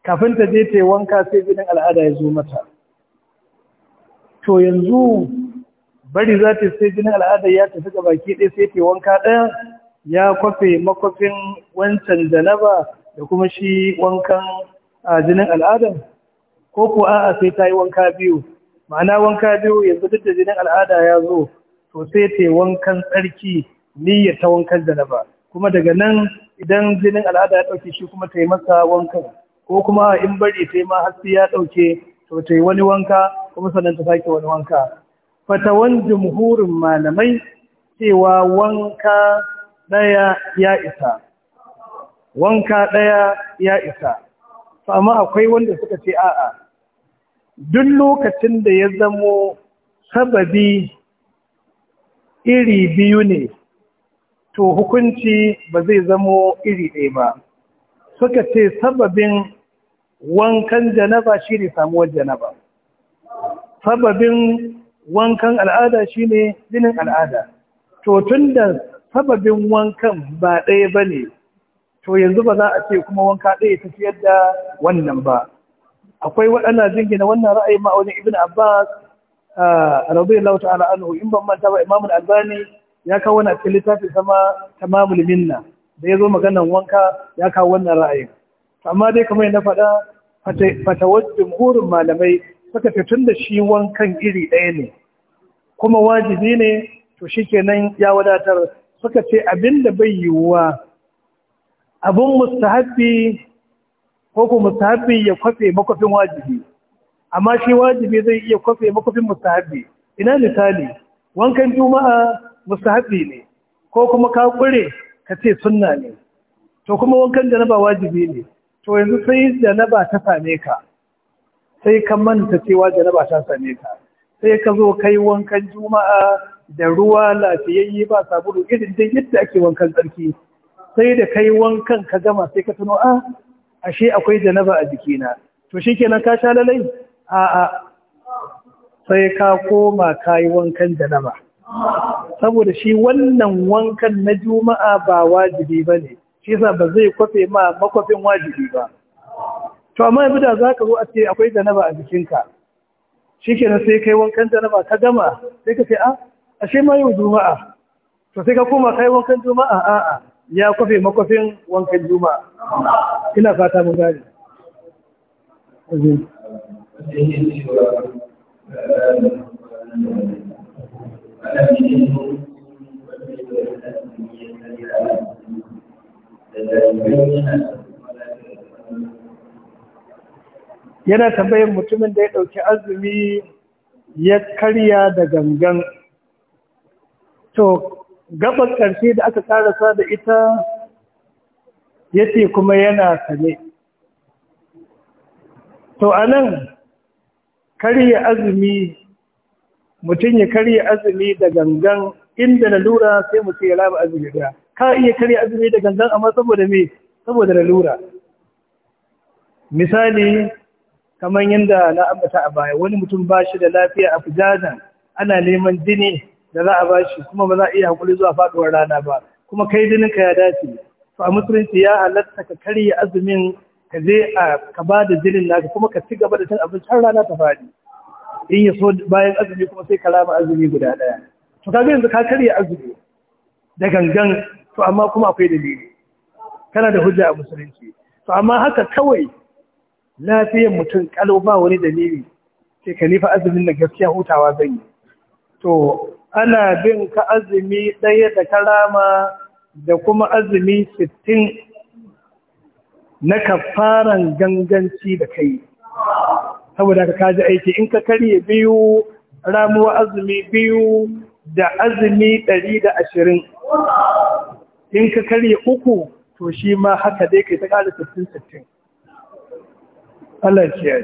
kafin ta je ta wanka sai jinin al'ada ya zo mata to yanzu bari za ta sai jinin al'ada ya tafi ga baki ɗaya sai ta wanka ɗaya ya kwafe makwafin wancan janaba da kuma shi wankan a jinin al'adan ko ko a'a sai ta yi wanka biyu ma'ana wanka biyu yanzu duk da jinin al'ada ya zo to sai ta wankan tsarki niyyar ta wankan ba kuma daga nan idan jinin al'ada ya ɗauke shi kuma ta yi masa wankan ko kuma in bari ta yi ma hasi ya ɗauke to ta yi wani wanka kuma sannan ta sake wani wanka Fata fatawan jumhurin malamai cewa wanka ɗaya ya isa wanka ɗaya ya isa amma akwai wanda suka ce a'a duk lokacin da ya zamo sababi iri biyu ne to hukunci ba zai zamo iri ɗaya ba suka ce sababin wankan janaba shi ne samuwar janaba sababin wankan al'ada shi ne jinin al'ada to tun da sababin wankan ba ɗaya ba ne to yanzu ba za a ce kuma wanka ɗaya ta fiye da wannan ba akwai waɗanda jingina wannan ra'ayi wani ibn abbas lauta ala anhu in ban manta ba imam al-albani ya kawo wannan cikin littafin sama tamamul minna da ya zo maganan wanka ya kawo wannan ra'ayi amma dai kamar yadda faɗa fatawar jumhurin malamai suka fi tun da shi wankan iri ɗaya ne kuma wajibi ne to shikenan ya wadatar suka ce abin da bai yiwuwa abin mustahabbi ko ku mustahab'i ya kwafe makwafin wajibi amma shi wajibi zai iya kwafe makwafin mustahab'i. ina misali wankan juma'a mustahab'i ne ko kuma ka kure ka ce sunna ne to kuma wankan janaba wajibi ne to yanzu sai janaba ta same ka sai ka manta cewa janaba ta same ka sai ka zo kai wankan juma'a da ruwa lafiyayye ba sabulu irin dai yadda ake wankan tsarki sai da kai wankan ka gama sai ka tuno a ah, ashe akwai janaba a jikina to shi kenan ka sha lalai a'a sai ka koma ka yi wankan janaba saboda shi wannan wankan na juma'a ba wajibi ba ne shi yasa ba zai kwafe ma makwafin wajibi ba to amma yanzu da za ka zo a ce akwai janaba a jikinka shi kenan sai kai wankan janaba ka gama sai ka ce a ah, ashe ma yau juma'a to sai ka koma kai wankan juma'a a'a ya kwafe makwafin wankan juma'a ina fata mun gane yana tambayar mutumin da ya ɗauki azumi ya karya da gangan to gabar ƙarshe da aka ƙarasa da ita ya ce kuma yana sane to a nan karya azumi mutum ya karya azumi da gangan inda lalura sai mutum ya raba azumi da ka iya karya azumi da gangan amma saboda me saboda lalura misali kamar yadda na ambata a baya wani mutum ba shi da lafiya a fujajen ana neman jini da za a ba shi kuma ba za a iya hakuri zuwa faduwar rana ba kuma kai ka ya dace to a musulunci ya halatta ka karya azumin ka je a ka ba da jinin naka kuma ka ci gaba da cin abinci har rana ta faɗi in ya so bayan azumi kuma sai ka rama azumi guda ɗaya to kaga yanzu ka karya azumi da gangan to amma kuma akwai dalili kana da hujja a musulunci to amma haka kawai lafiyar mutum kalau ba wani dalili sai ka nifa azumin na gaskiya hutawa zan yi to ana bin ka azumi ɗaya da karama da kuma azumi sittin na kafaran ganganci da kai saboda ka kaji aiki in ka karye biyu ramuwa azumi biyu da azumi ɗari da ashirin in ka karye uku to shi ma haka dai kai ta ƙara sittin sittin Allah ya kiyaye.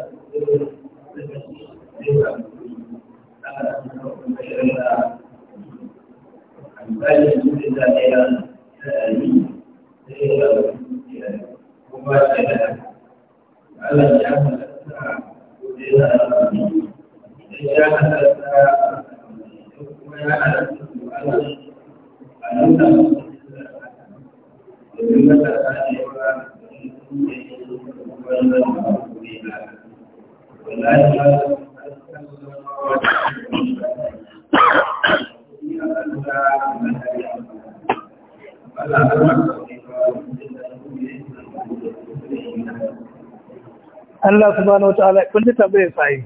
Allah subhanahu wataala kun ji tambayar sai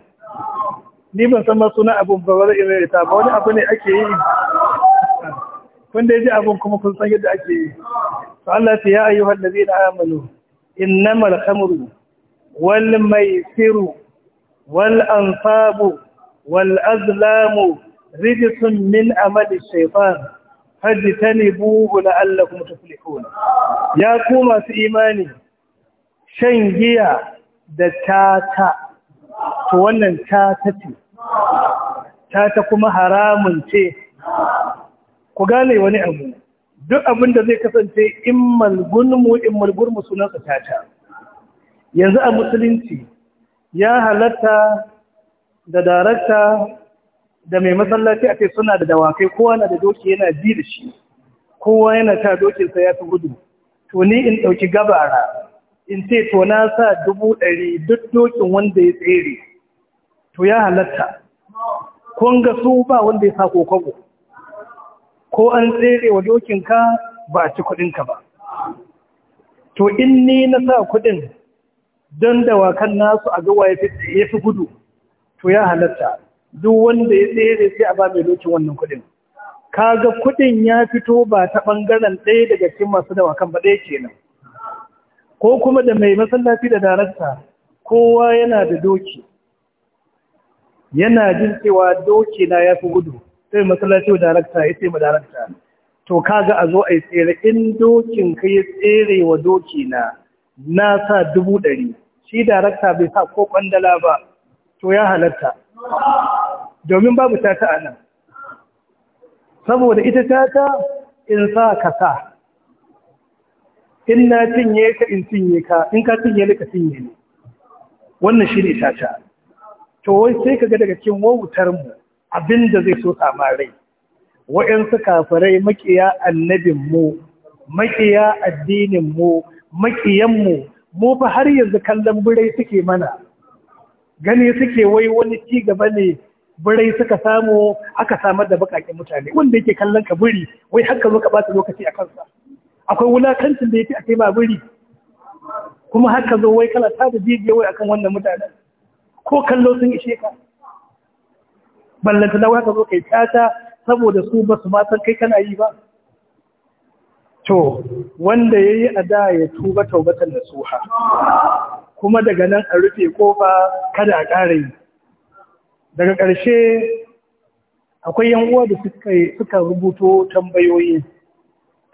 ni ban san ma sunan abun ba wani irin ta ba wani abu ne ake yi kun dai ji abun kuma kun san yadda ake yi to Allah ya ayyuhal ladina amanu innamal khamru wal maisiru wal ansabu wal azlamu rijsun min amali shaytan fajtanibuhu la'allakum tuflihun ya ku masu imani shan giya da tata to wannan tata ce tata kuma haramun ce ku gane wani abu duk abin da zai kasance in malgunmu in malgurmu sunansa tata yanzu a musulunci ya halatta da darakta da mai masallaci a ce suna da dawakai kowa na da doki yana bi da shi kowa yana ta dokinsa ya fi gudu to ni in ɗauki gabara in ce to na sa dubu ɗari duk dokin wanda ya tsere to ya halatta kun ga su ba wanda ya sa kokobo ko an tsere wa ka, ba a ci kudinka ba to in ni na sa kudin don dawakan nasu a gawa ya fi gudu to ya halatta duk wanda ya tsere sai a ba mai dokin wannan kudin kaga kudin ya fito ba ta ɓangaren ɗaya daga cikin masu dawakan ba ɗaya kenan ko kuma da mai masallaci da darakta kowa yana da doki yana jin cewa doki na ya fi gudu sai masallaci da darakta ya ce ma darakta to kaga a zo a yi tsere in dokin ka ya tsere wa doki na na sa dubu ɗari shi darakta bai sa ko kwandala ba to ya halatta domin babu ta a nan saboda ita ta in sa ka sa in na cinye ka in cinye ka in ka cinye ni ka cinye ni wannan shi ne tata to wai sai ka ga daga cikin wautar mu abin da zai so sama rai wa'yansu kafirai makiya annabin mu makiya addinin mu makiyan mu mu fa har yanzu kallon birai suke mana gani suke wai wani ci gaba ne birai suka samu aka samar da bakakin mutane wanda yake kallon kaburi wai haka zo ka bata lokaci a kansa akwai wulakancin da ya fi a kai baburi kuma haka zo wai ta da jijiya wai akan wannan mutanen ko kallo sun ishe ka ballanta na haka zo kai tata saboda su basu su matan kai kana yi ba to wanda ya yi ada ya tuba taubatan da ha kuma daga nan a rufe kofa kada a ƙara yi daga ƙarshe akwai yan uwa da suka rubuto tambayoyi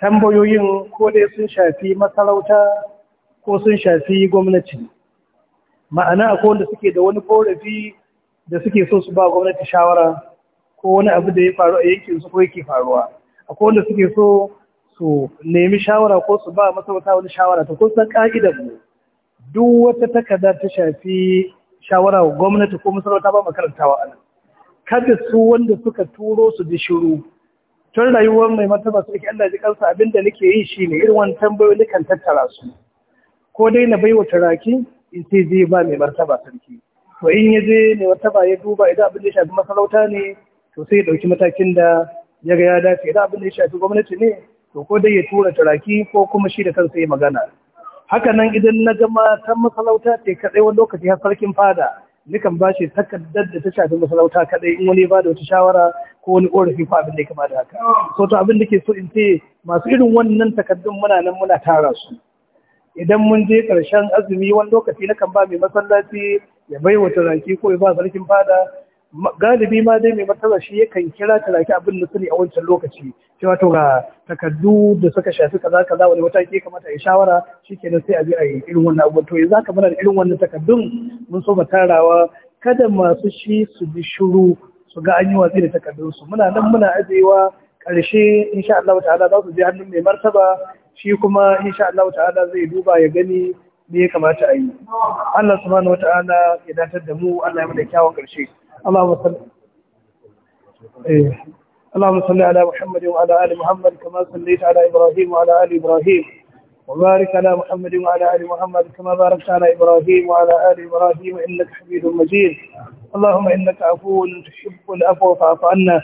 tambayoyin ko dai sun shafi masarauta ko sun shafi gwamnati ma'ana akwai wanda suke da wani korafi da suke so su ba gwamnati shawara ko wani abu da ya faru a yankin su ko yake faruwa akwai wanda suke so su nemi shawara ko su ba masarauta wani shawara ta kusan ka'idar mu duk wata takarda ta shafi shawara gwamnati ko masarauta ba makarantawa a nan kada su wanda suka turo su ji shiru tun rayuwar mai martaba sarki Allah ji kansa abinda nake yi shi ne, irin wani tambayoyi kan tattara su ko dai na baiwa turaki in sai zai ba mai martaba sarki to in ya je mai martaba ya duba idan abin ya shafi masarauta ne to sai ya ɗauki matakin da ya ga ya dace idan abin ya shafi gwamnati ne to ko dai ya tura turaki ko kuma shi da kansa ya magana haka nan idan na ga matan masarauta ce kadai wani lokaci har sarkin fada nikan ba shi takardar da ta shafi masarauta kadai in wani ba da wata shawara ko wani korafi ko abin da ya kama da haka so to abin da ke so in ce masu irin wannan takardun muna nan muna tara su idan mun je karshen azumi wani lokaci nakan ba mai masallaci ya bai wa turaki ko ya ba sarkin fada galibi ma dai mai matsala shi yakan kira ta talaki abin da sani a wancan lokaci cewa to ga takardu da suka shafi kaza kaza wani wata ke kamata a shawara shikenan sai a bi a yi irin wannan abubuwan to yanzu haka muna da irin wannan takardun mun so mu tarawa kada masu shi su bi shiru su ga an yi watsi da takardun su muna nan muna ajewa karshe insha Allah ta'ala za su je hannun mai martaba shi kuma insha Allah ta'ala zai duba ya gani me ya kamata a yi Allah subhanahu wata'ala ya datar da mu Allah ya mana kyawun karshe اللهم صل إيه. اللهم صل على محمد وعلى آل محمد كما صليت على إبراهيم وعلى آل إبراهيم وبارك على محمد وعلى آل محمد كما باركت على إبراهيم وعلى آل إبراهيم إنك حميد مجيد اللهم إنك عفو تحب العفو فاعف عنا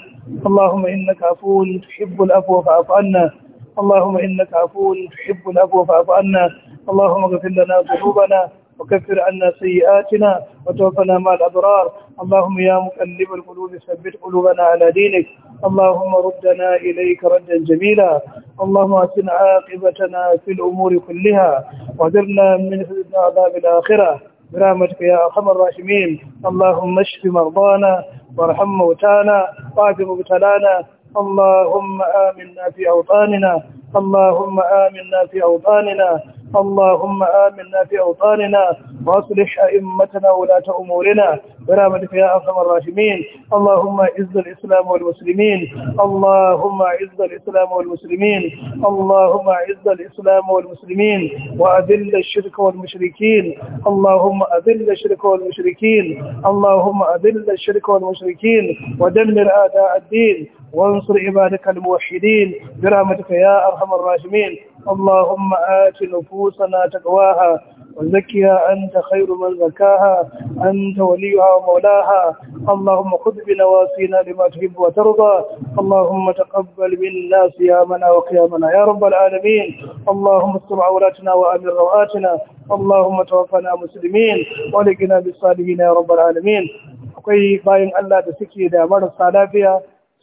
اللهم إنك عفو تحب العفو فاعف عنا اللهم إنك عفو تحب العفو فاعف عنا اللهم اغفر لنا ذنوبنا وكفر عنا سيئاتنا وتوفنا مع الأبرار اللهم يا مقلب القلوب ثبت قلوبنا على دينك اللهم ردنا إليك ردا جميلا اللهم أسن عاقبتنا في الأمور كلها وذرنا من عذاب الآخرة برحمتك يا أرحم الراحمين اللهم اشف مرضانا وارحم موتانا واعف مبتلانا اللهم آمنا في أوطاننا اللهم آمنا في أوطاننا اللهم آمنا في أوطاننا وأصلح أئمتنا ولاة أمورنا برحمتك يا أرحم الراحمين اللهم عز الإسلام والمسلمين اللهم عز الإسلام والمسلمين اللهم عز الإسلام والمسلمين وأذل الشرك والمشركين اللهم أذل الشرك والمشركين اللهم أذل الشرك والمشركين ودمر أعداء الدين وانصر عبادك الموحدين برحمتك يا أرحم الراحمين اللهم آت نفوسنا تقواها وزكها أنت خير من زكاها أنت وليها ومولاها اللهم خذ بنواسينا لما تحب وترضى اللهم تقبل منا صيامنا وقيامنا يا رب العالمين اللهم استر عوراتنا وآمن روآتنا اللهم توفنا مسلمين ولقنا بالصالحين يا رب العالمين akwai bayan Allah da suke da marasa lafiya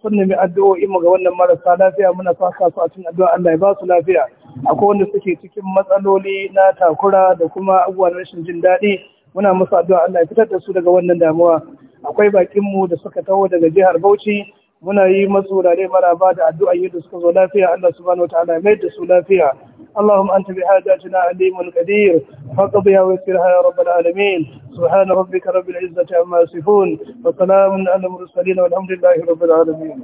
sun nemi addu'o'i mu ga wannan marasa lafiya muna saka su a cikin addu'a Allah ya ba su lafiya akwai wanda suke cikin matsaloli na takura da kuma abubuwan rashin jin daɗi muna musu addu'a Allah ya fitar da su daga wannan damuwa akwai bakin mu da suka taho daga jihar Bauchi muna yi masu rare maraba da addu'a yadda suka zo lafiya Allah subhanahu wataala mai da su lafiya اللهم أنت بحاجاتنا عليم قدير فاقضيها ويسرها يا رب العالمين سبحان ربك رب العزة عما يصفون وسلام على المرسلين والحمد لله رب العالمين